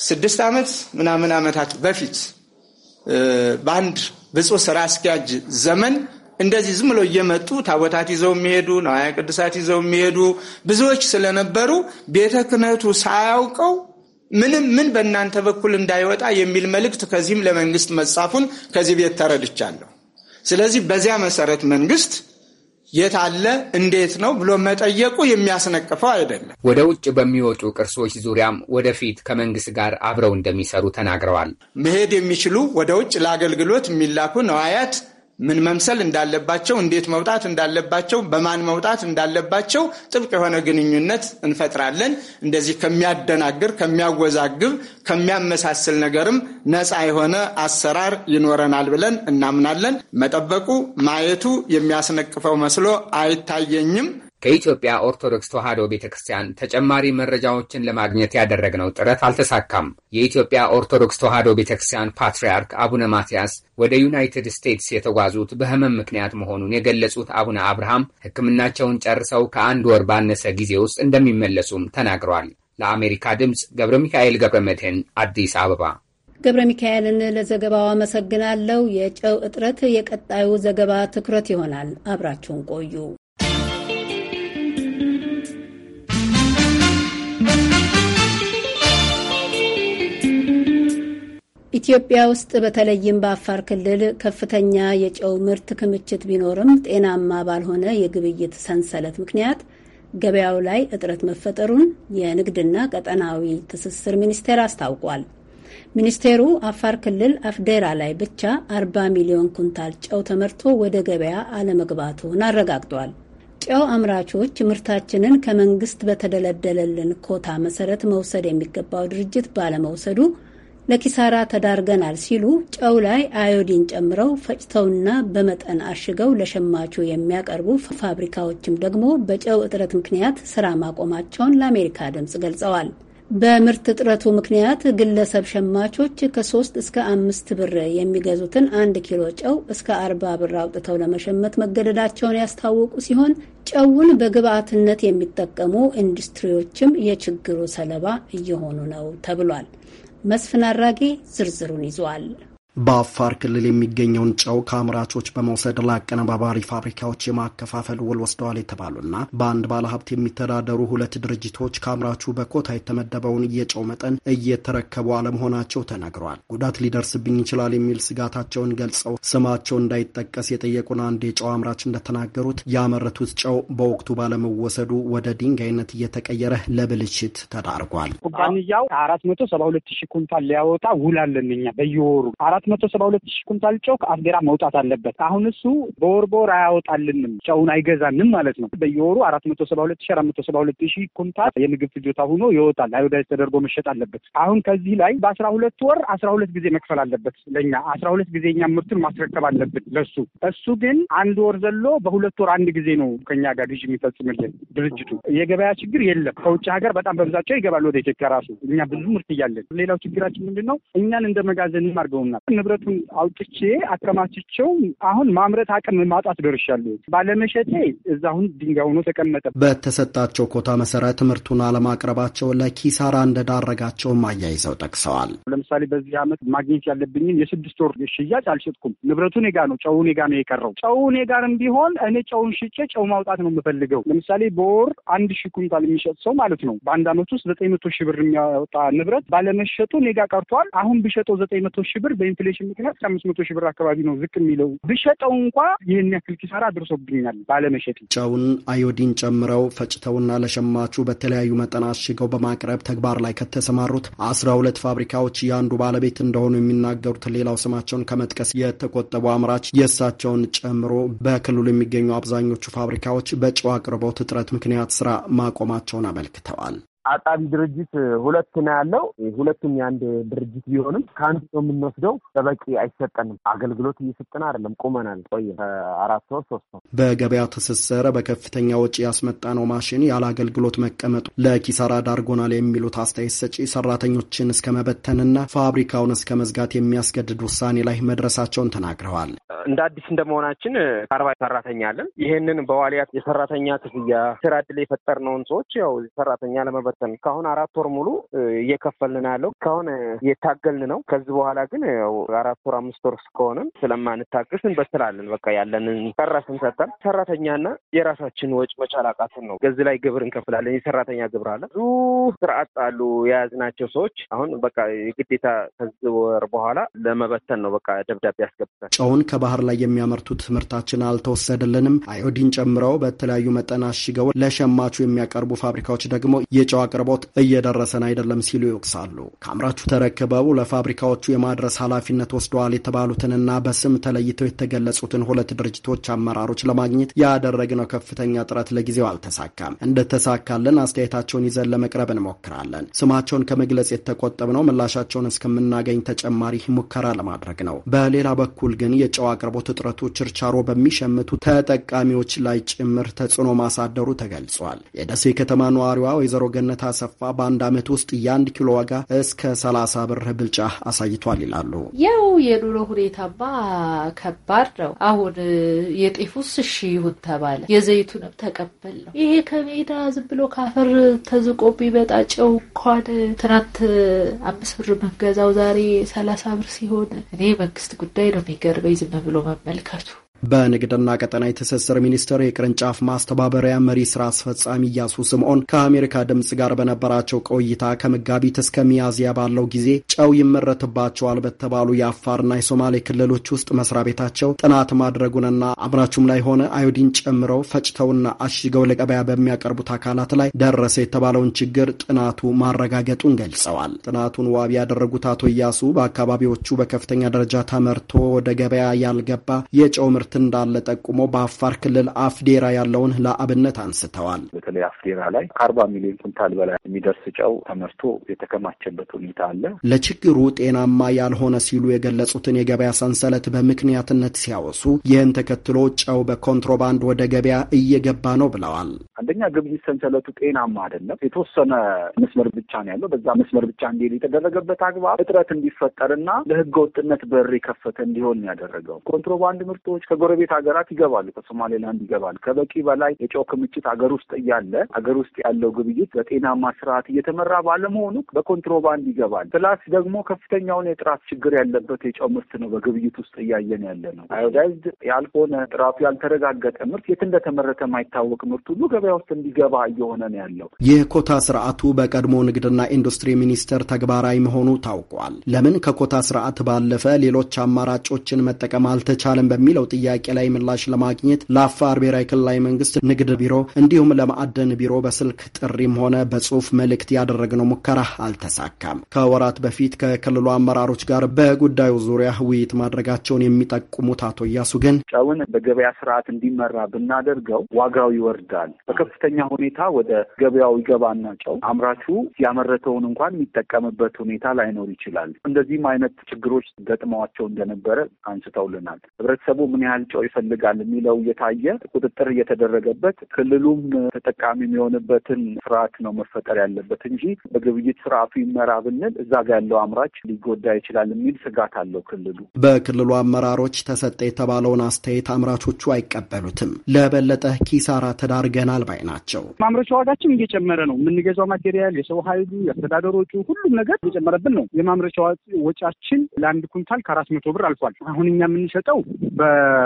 ስድስት ዓመት ምናምን ዓመታት በፊት በአንድ ብፁዕ ስራ አስኪያጅ ዘመን እንደዚህ ዝም ብሎ እየመጡ ታቦታት ይዘው የሚሄዱ ነዋያ ቅዱሳት ይዘው የሚሄዱ ብዙዎች ስለነበሩ ቤተ ክህነቱ ሳያውቀው ምንም ምን በእናንተ በኩል እንዳይወጣ የሚል መልእክት ከዚህም ለመንግስት መጻፉን ከዚህ ቤት ተረድቻለሁ። ስለዚህ በዚያ መሰረት መንግስት የት አለ እንዴት ነው ብሎ መጠየቁ የሚያስነቅፈው አይደለም። ወደ ውጭ በሚወጡ ቅርሶች ዙሪያም ወደፊት ከመንግስት ጋር አብረው እንደሚሰሩ ተናግረዋል። መሄድ የሚችሉ ወደ ውጭ ለአገልግሎት የሚላኩ ነዋያት ምን መምሰል እንዳለባቸው፣ እንዴት መውጣት እንዳለባቸው፣ በማን መውጣት እንዳለባቸው ጥብቅ የሆነ ግንኙነት እንፈጥራለን። እንደዚህ ከሚያደናግር፣ ከሚያወዛግብ፣ ከሚያመሳስል ነገርም ነፃ የሆነ አሰራር ይኖረናል ብለን እናምናለን። መጠበቁ ማየቱ የሚያስነቅፈው መስሎ አይታየኝም። ከኢትዮጵያ ኦርቶዶክስ ተዋሕዶ ቤተ ክርስቲያን ተጨማሪ መረጃዎችን ለማግኘት ያደረግነው ጥረት አልተሳካም። የኢትዮጵያ ኦርቶዶክስ ተዋሕዶ ቤተ ክርስቲያን ፓትርያርክ አቡነ ማትያስ ወደ ዩናይትድ ስቴትስ የተጓዙት በሕመም ምክንያት መሆኑን የገለጹት አቡነ አብርሃም ሕክምናቸውን ጨርሰው ከአንድ ወር ባነሰ ጊዜ ውስጥ እንደሚመለሱም ተናግሯል። ለአሜሪካ ድምፅ ገብረ ሚካኤል ገብረ መድህን አዲስ አበባ። ገብረ ሚካኤልን ለዘገባው አመሰግናለሁ። የጨው እጥረት የቀጣዩ ዘገባ ትኩረት ይሆናል። አብራችሁን ቆዩ። ኢትዮጵያ ውስጥ በተለይም በአፋር ክልል ከፍተኛ የጨው ምርት ክምችት ቢኖርም ጤናማ ባልሆነ የግብይት ሰንሰለት ምክንያት ገበያው ላይ እጥረት መፈጠሩን የንግድና ቀጠናዊ ትስስር ሚኒስቴር አስታውቋል። ሚኒስቴሩ አፋር ክልል አፍዴራ ላይ ብቻ 40 ሚሊዮን ኩንታል ጨው ተመርቶ ወደ ገበያ አለመግባቱን አረጋግጧል። ጨው አምራቾች ምርታችንን ከመንግስት በተደለደለልን ኮታ መሰረት መውሰድ የሚገባው ድርጅት ባለመውሰዱ ለኪሳራ ተዳርገናል ሲሉ ጨው ላይ አዮዲን ጨምረው ፈጭተውና በመጠን አሽገው ለሸማቹ የሚያቀርቡ ፋብሪካዎችም ደግሞ በጨው እጥረት ምክንያት ስራ ማቆማቸውን ለአሜሪካ ድምፅ ገልጸዋል። በምርት እጥረቱ ምክንያት ግለሰብ ሸማቾች ከሶስት እስከ አምስት ብር የሚገዙትን አንድ ኪሎ ጨው እስከ አርባ ብር አውጥተው ለመሸመት መገደዳቸውን ያስታወቁ ሲሆን ጨውን በግብዓትነት የሚጠቀሙ ኢንዱስትሪዎችም የችግሩ ሰለባ እየሆኑ ነው ተብሏል። መስፍን አራጌ ዝርዝሩን ይዟል። በአፋር ክልል የሚገኘውን ጨው ከአምራቾች በመውሰድ ለአቀነባባሪ ፋብሪካዎች የማከፋፈል ውል ወስደዋል የተባሉና በአንድ ባለሀብት የሚተዳደሩ ሁለት ድርጅቶች ከአምራቹ በኮታ የተመደበውን የጨው መጠን እየተረከቡ አለመሆናቸው ተነግሯል። ጉዳት ሊደርስብኝ ይችላል የሚል ስጋታቸውን ገልጸው ስማቸው እንዳይጠቀስ የጠየቁን አንድ የጨው አምራች እንደተናገሩት ያመረቱት ጨው በወቅቱ ባለመወሰዱ ወደ ድንጋይነት እየተቀየረ ለብልሽት ተዳርጓል። ኩባንያው ከአራት መቶ ሰባ ሁለት ሺህ ኩንታል ሊያወጣ ውል አለን እኛ በየወሩ ሁለት መቶ ሰባ ሁለት ሺህ ኩንታል ጨው ከአፍዴራ መውጣት አለበት። አሁን እሱ በወር በወር አያወጣልንም፣ ጨውን አይገዛንም ማለት ነው። በየወሩ አራት መቶ ሰባ ሁለት ሺህ አራት መቶ ሰባ ሁለት ሺህ ኩንታል የምግብ ፍጆታ ሆኖ ይወጣል። አዮዳይዝ ተደርጎ መሸጥ አለበት። አሁን ከዚህ ላይ በአስራ ሁለት ወር አስራ ሁለት ጊዜ መክፈል አለበት ለእኛ አስራ ሁለት ጊዜ እኛ ምርቱን ማስረከብ አለብን ለሱ። እሱ ግን አንድ ወር ዘሎ በሁለት ወር አንድ ጊዜ ነው ከኛ ጋር ግዥ የሚፈጽምልን ድርጅቱ። የገበያ ችግር የለም። ከውጭ ሀገር በጣም በብዛቸው ይገባል ወደ ኢትዮጵያ ራሱ እኛ ብዙ ምርት እያለን። ሌላው ችግራችን ምንድን ነው? እኛን እንደ መጋዘንም አድርገውናል። ንብረቱን አውጥቼ አከማችቸው አሁን ማምረት አቅም ማጣት ደርሻለሁ። ባለመሸጤ እዛ አሁን ድንጋይ ሆኖ ተቀመጠ። በተሰጣቸው ኮታ መሰረት ምርቱን አለማቅረባቸው ለኪሳራ እንደዳረጋቸውም አያይዘው ጠቅሰዋል። ለምሳሌ በዚህ ዓመት ማግኘት ያለብኝን የስድስት ወር ሽያጭ አልሸጥኩም። ንብረቱ ኔጋ ነው፣ ጨው ኔጋ ነው የቀረው። ጨው ኔጋርም ቢሆን እኔ ጨውን ሽጬ ጨው ማውጣት ነው የምፈልገው። ለምሳሌ በወር አንድ ሺ ኩንታል የሚሸጥ ሰው ማለት ነው። በአንድ ዓመት ውስጥ ዘጠኝ መቶ ሺ ብር የሚያወጣ ንብረት ባለመሸጡ ኔጋ ቀርቷል። አሁን ብሸጠው ዘጠኝ መቶ ሺ ብር በኢንፍ በኢንፍሌሽን ምክንያት ከአምስት መቶ ሺህ ብር አካባቢ ነው ዝቅ የሚለው። ብሸጠው እንኳ ይህን ያክል ኪሳራ አድርሶብኛል ባለመሸጥ። ጨውን አዮዲን ጨምረው ፈጭተውና ለሸማቹ በተለያዩ መጠን አሽገው በማቅረብ ተግባር ላይ ከተሰማሩት አስራ ሁለት ፋብሪካዎች የአንዱ ባለቤት እንደሆኑ የሚናገሩት ሌላው ስማቸውን ከመጥቀስ የተቆጠቡ አምራች የእሳቸውን ጨምሮ በክልሉ የሚገኙ አብዛኞቹ ፋብሪካዎች በጨው አቅርቦት እጥረት ምክንያት ስራ ማቆማቸውን አመልክተዋል። አጣቢ ድርጅት ሁለት ነው ያለው። ሁለቱም የአንድ ድርጅት ቢሆንም ከአንዱ ነው የምንወስደው። በበቂ አይሰጠንም። አገልግሎት እየሰጠን አይደለም። ቁመናል ቆየ አራት ሰው ሶስት ሰው በገበያ ትስስር በከፍተኛ ወጪ ያስመጣነው ማሽን ያለ አገልግሎት መቀመጡ ለኪሳራ ዳርጎናል የሚሉት አስተያየት ሰጪ ሰራተኞችን እስከ መበተንና ፋብሪካውን እስከ መዝጋት የሚያስገድድ ውሳኔ ላይ መድረሳቸውን ተናግረዋል። እንደ አዲስ እንደመሆናችን አርባ ሰራተኛ አለን። ይህንን በዋልያት የሰራተኛ ክፍያ ስራ ዕድል የፈጠርነውን ሰዎች ያው ሰራተኛ ለመበ እየተከፈልን ከአሁን አራት ወር ሙሉ እየከፈልን ያለው እስካሁን እየታገልን ነው። ከዚህ በኋላ ግን ያው አራት ወር አምስት ወር እስከሆንን ስለማንታገስ እንበስላለን። በቃ ያለንን ሰራስን ሰጠን ሰራተኛና የራሳችን ወጭ መቻል አቃተን ነው። ከዚህ ላይ ግብር እንከፍላለን። የሰራተኛ ግብር አለ። ብዙ ስርዓት ጣሉ የያዝናቸው ሰዎች አሁን በቃ የግዴታ ከዚህ ወር በኋላ ለመበተን ነው። በቃ ደብዳቤ ያስገብታል። ጨውን ከባህር ላይ የሚያመርቱ ትምህርታችን አልተወሰደልንም። አዮዲን ጨምረው በተለያዩ መጠን አሽገው ለሸማቹ የሚያቀርቡ ፋብሪካዎች ደግሞ የጨዋ አቅርቦት እየደረሰን አይደለም ሲሉ ይወቅሳሉ። ከአምራቹ ተረክበው ለፋብሪካዎቹ የማድረስ ኃላፊነት ወስደዋል የተባሉትንና በስም ተለይተው የተገለጹትን ሁለት ድርጅቶች አመራሮች ለማግኘት ያደረግነው ከፍተኛ ጥረት ለጊዜው አልተሳካም። እንደተሳካልን አስተያየታቸውን ይዘን ለመቅረብ እንሞክራለን። ስማቸውን ከመግለጽ የተቆጠብነው ምላሻቸውን እስከምናገኝ ተጨማሪ ሙከራ ለማድረግ ነው። በሌላ በኩል ግን የጨው አቅርቦት እጥረቱ ችርቻሮ በሚሸምቱ ተጠቃሚዎች ላይ ጭምር ተጽዕኖ ማሳደሩ ተገልጿል። የደሴ ከተማ ነዋሪዋ ወይዘሮ ገነት ምህረት አሰፋ በአንድ ዓመት ውስጥ የአንድ ኪሎ ዋጋ እስከ 30 ብር ብልጫ አሳይቷል ይላሉ። ያው የኑሮ ሁኔታማ ከባድ ነው። አሁን የጤፉስ እሺ ይሁን ተባለ፣ የዘይቱንም ተቀበል ነው። ይሄ ከሜዳ ዝም ብሎ ካፈር ተዝቆ ቢመጣ ጨው እንኳን ትናንት አምስት ብር መገዛው ዛሬ ሰላሳ ብር ሲሆን እኔ መንግስት ጉዳይ ነው የሚገርበኝ ዝም ብሎ መመልከቱ በንግድና ቀጠናዊ ትስስር ሚኒስቴር የቅርንጫፍ ማስተባበሪያ መሪ ስራ አስፈጻሚ እያሱ ስምዖን ከአሜሪካ ድምፅ ጋር በነበራቸው ቆይታ ከመጋቢት እስከ ሚያዝያ ባለው ጊዜ ጨው ይመረትባቸዋል በተባሉ የአፋርና የሶማሌ ክልሎች ውስጥ መስሪያ ቤታቸው ጥናት ማድረጉንና አምራቹም ላይ ሆነ አዮዲን ጨምረው ፈጭተውና አሽገው ለገበያ በሚያቀርቡት አካላት ላይ ደረሰ የተባለውን ችግር ጥናቱ ማረጋገጡን ገልጸዋል። ጥናቱን ዋቢ ያደረጉት አቶ እያሱ በአካባቢዎቹ በከፍተኛ ደረጃ ተመርቶ ወደ ገበያ ያልገባ የጨው ምርት እንዳለ ጠቁሞ በአፋር ክልል አፍዴራ ያለውን ለአብነት አንስተዋል። በተለይ አፍዴራ ላይ ከአርባ ሚሊዮን ኩንታል በላይ የሚደርስ ጨው ተመርቶ የተከማቸበት ሁኔታ አለ። ለችግሩ ጤናማ ያልሆነ ሲሉ የገለጹትን የገበያ ሰንሰለት በምክንያትነት ሲያወሱ ይህን ተከትሎ ጨው በኮንትሮባንድ ወደ ገበያ እየገባ ነው ብለዋል። አንደኛ ግብይት ሰንሰለቱ ጤናማ አይደለም። የተወሰነ መስመር ብቻ ነው ያለው። በዛ መስመር ብቻ እንዲሄድ የተደረገበት አግባብ እጥረት እንዲፈጠርና ለህገ ወጥነት በር የከፈተ እንዲሆን ያደረገው ኮንትሮባንድ ምርቶች ከጎ ከጎረቤት ሀገራት ይገባሉ፣ ከሶማሌላንድ ይገባል። ከበቂ በላይ የጨው ክምችት ሀገር ውስጥ እያለ ሀገር ውስጥ ያለው ግብይት በጤናማ ስርዓት እየተመራ ባለመሆኑ በኮንትሮባንድ ይገባል። ፕላስ ደግሞ ከፍተኛውን የጥራት ችግር ያለበት የጨው ምርት ነው በግብይት ውስጥ እያየን ያለ ነው። አዮዳይዝድ ያልሆነ ጥራቱ ያልተረጋገጠ ምርት የት እንደተመረተ የማይታወቅ ምርት ሁሉ ገበያ ውስጥ እንዲገባ እየሆነ ነው ያለው። ኮታ ስርዓቱ በቀድሞ ንግድና ኢንዱስትሪ ሚኒስቴር ተግባራዊ መሆኑ ታውቋል። ለምን ከኮታ ስርዓት ባለፈ ሌሎች አማራጮችን መጠቀም አልተቻለም በሚለው ጥያቄ ጥያቄ ላይ ምላሽ ለማግኘት ለአፋር ብሔራዊ ክልላዊ መንግስት ንግድ ቢሮ እንዲሁም ለማዕድን ቢሮ በስልክ ጥሪም ሆነ በጽሁፍ መልእክት ያደረግነው ሙከራ አልተሳካም። ከወራት በፊት ከክልሉ አመራሮች ጋር በጉዳዩ ዙሪያ ውይይት ማድረጋቸውን የሚጠቁሙት አቶ እያሱ ግን ጨውን በገበያ ስርዓት እንዲመራ ብናደርገው ዋጋው ይወርዳል። በከፍተኛ ሁኔታ ወደ ገበያው ይገባና ጨው አምራቹ ያመረተውን እንኳን የሚጠቀምበት ሁኔታ ላይኖር ይችላል። እንደዚህም አይነት ችግሮች ገጥመዋቸው እንደነበረ አንስተውልናል። ህብረተሰቡ ምን ያህል ጨው ይፈልጋል የሚለው እየታየ ቁጥጥር እየተደረገበት ክልሉም ተጠቃሚ የሚሆንበትን ስርዓት ነው መፈጠር ያለበት እንጂ በግብይት ስርዓቱ ይመራ ብንል እዛ ጋ ያለው አምራች ሊጎዳ ይችላል የሚል ስጋት አለው ክልሉ። በክልሉ አመራሮች ተሰጠ የተባለውን አስተያየት አምራቾቹ አይቀበሉትም። ለበለጠ ኪሳራ ተዳርገናል ባይ ናቸው። ማምረቻ ዋጋችን እየጨመረ ነው። የምንገዛው ማቴሪያል፣ የሰው ኃይሉ፣ የአስተዳደሮቹ ሁሉም ነገር እየጨመረብን ነው። የማምረቻ ወጫችን ለአንድ ኩንታል ከአራት መቶ ብር አልፏል። አሁን እኛ የምንሸጠው በ ሶስት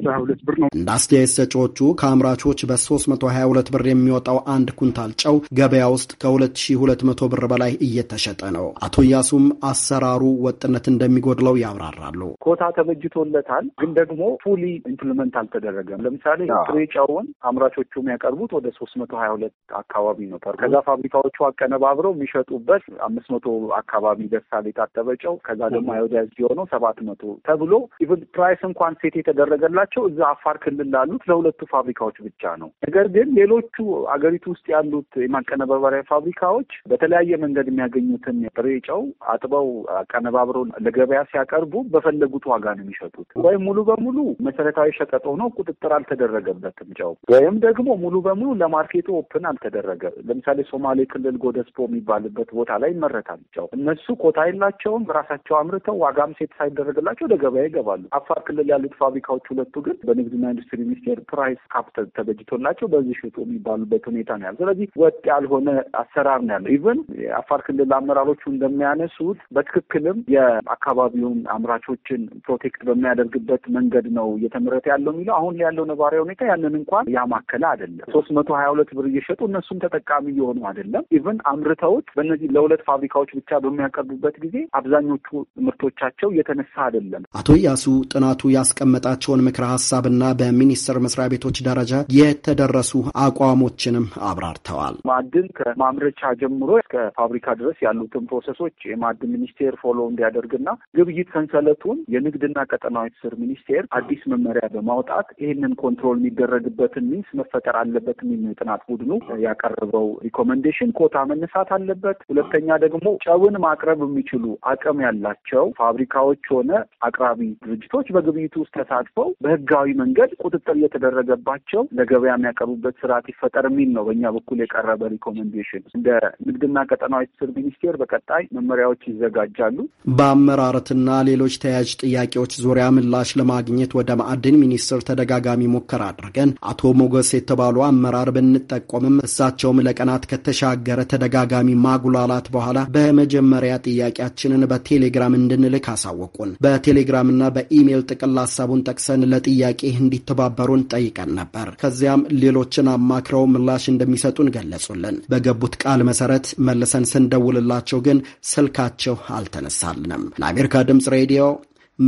መቶ ሀያ ሁለት ብር ነው። እንደ አስተያየት ሰጪዎቹ ከአምራቾች በሶስት መቶ ሀያ ሁለት ብር የሚወጣው አንድ ኩንታል ጨው ገበያ ውስጥ ከሁለት ሺ ሁለት መቶ ብር በላይ እየተሸጠ ነው። አቶ እያሱም አሰራሩ ወጥነት እንደሚጎድለው ያብራራሉ። ኮታ ተበጅቶለታል፣ ግን ደግሞ ፉሊ ኢምፕሊመንት አልተደረገም። ለምሳሌ ጥሬ ጨውን አምራቾቹ የሚያቀርቡት ወደ ሶስት መቶ ሀያ ሁለት አካባቢ ነው። ከዛ ፋብሪካዎቹ አቀነባብረው የሚሸጡበት አምስት መቶ አካባቢ ደርሳል የታጠበ ጨው። ከዛ ደግሞ አዮዳይዝድ የሆነው ሰባት መቶ ተብሎ ኢቨን ፕራይስ እንኳን ሴት የተደረገላቸው እዛ አፋር ክልል ላሉት ለሁለቱ ፋብሪካዎች ብቻ ነው። ነገር ግን ሌሎቹ አገሪቱ ውስጥ ያሉት የማቀነባበሪያ ፋብሪካዎች በተለያየ መንገድ የሚያገኙትን ጥሬ ጨው አጥበው አቀነባብረው ለገበያ ሲያቀርቡ በፈለጉት ዋጋ ነው የሚሸጡት። ወይም ሙሉ በሙሉ መሰረታዊ ሸቀጥ ሆኖ ቁጥጥር አልተደረገበትም ጨው፣ ወይም ደግሞ ሙሉ በሙሉ ለማርኬቱ ኦፕን አልተደረገ። ለምሳሌ ሶማሌ ክልል ጎደስፖ የሚባልበት ቦታ ላይ ይመረታል ጨው። እነሱ ኮታ የላቸውም፣ ራሳቸው አምርተው ዋጋም ሴት ሳይደረግላቸው ወደ ገበያ ይገባሉ። አፋር ክልል ያሉት ፋብሪካዎች ሁለቱ ግን በንግድና ኢንዱስትሪ ሚኒስቴር ፕራይስ ካፕ ተበጅቶላቸው በዚህ ሽጡ የሚባሉበት ሁኔታ ነው ያለ። ስለዚህ ወጥ ያልሆነ አሰራር ነው ያለው። ኢቨን የአፋር ክልል አመራሮቹ እንደሚያነሱት በትክክልም የአካባቢውን አምራቾችን ፕሮቴክት በሚያደርግበት መንገድ ነው እየተመረተ ያለው የሚለው አሁን ያለው ነባሪያ ሁኔታ ያንን እንኳን ያማከለ አይደለም። ሶስት መቶ ሀያ ሁለት ብር እየሸጡ እነሱም ተጠቃሚ እየሆኑ አይደለም። ኢቨን አምርተውት በእነዚህ ለሁለት ፋብሪካዎች ብቻ በሚያቀርቡበት ጊዜ አብዛኞቹ ምርቶቻቸው እየተነሳ አይደለም። አቶ ያሱ ጥናቱ ያስቀመጠ የሚሰጣቸውን ምክረ ሀሳብና በሚኒስቴር መስሪያ ቤቶች ደረጃ የተደረሱ አቋሞችንም አብራርተዋል። ማዕድን ከማምረቻ ጀምሮ እስከ ፋብሪካ ድረስ ያሉትን ፕሮሰሶች የማዕድን ሚኒስቴር ፎሎ እንዲያደርግና ግብይት ሰንሰለቱን የንግድና ቀጠናዊ ትስስር ሚኒስቴር አዲስ መመሪያ በማውጣት ይህንን ኮንትሮል የሚደረግበትን ሚንስ መፈጠር አለበት የሚል ጥናት ቡድኑ ያቀረበው ሪኮመንዴሽን ኮታ መነሳት አለበት። ሁለተኛ ደግሞ ጨውን ማቅረብ የሚችሉ አቅም ያላቸው ፋብሪካዎች ሆነ አቅራቢ ድርጅቶች በግብይቱ ውስጥ ተሳትፈው በህጋዊ መንገድ ቁጥጥር እየተደረገባቸው ለገበያ የሚያቀርቡበት ስርዓት ይፈጠር የሚል ነው በእኛ በኩል የቀረበ ሪኮሜንዴሽን። እንደ ንግድና ቀጠናዊ ትስስር ሚኒስቴር በቀጣይ መመሪያዎች ይዘጋጃሉ። በአመራረትና ሌሎች ተያያዥ ጥያቄዎች ዙሪያ ምላሽ ለማግኘት ወደ ማዕድን ሚኒስቴር ተደጋጋሚ ሙከራ አድርገን አቶ ሞገስ የተባሉ አመራር ብንጠቆምም እሳቸውም ለቀናት ከተሻገረ ተደጋጋሚ ማጉላላት በኋላ በመጀመሪያ ጥያቄያችንን በቴሌግራም እንድንልክ አሳወቁን። በቴሌግራምና በኢሜይል ጥቅል ሀሳቡን መሆናቸውን ጠቅሰን ለጥያቄ እንዲተባበሩን ጠይቀን ነበር። ከዚያም ሌሎችን አማክረው ምላሽ እንደሚሰጡን ገለጹልን። በገቡት ቃል መሰረት መልሰን ስንደውልላቸው ግን ስልካቸው አልተነሳልንም። ለአሜሪካ ድምፅ ሬዲዮ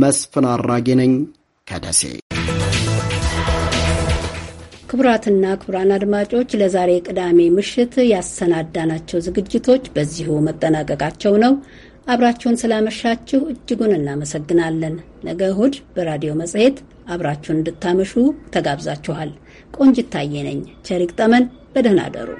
መስፍን አራጌ ነኝ ከደሴ። ክቡራትና ክቡራን አድማጮች ለዛሬ ቅዳሜ ምሽት ያሰናዳናቸው ዝግጅቶች በዚሁ መጠናቀቃቸው ነው። አብራችሁን ስላመሻችሁ እጅጉን እናመሰግናለን። ነገ እሁድ በራዲዮ መጽሔት አብራችሁን እንድታመሹ ተጋብዛችኋል። ቆንጅት ታዬ ነኝ። ቸሪቅ ጠመን በደህና አደሩ።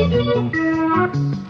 Thank you.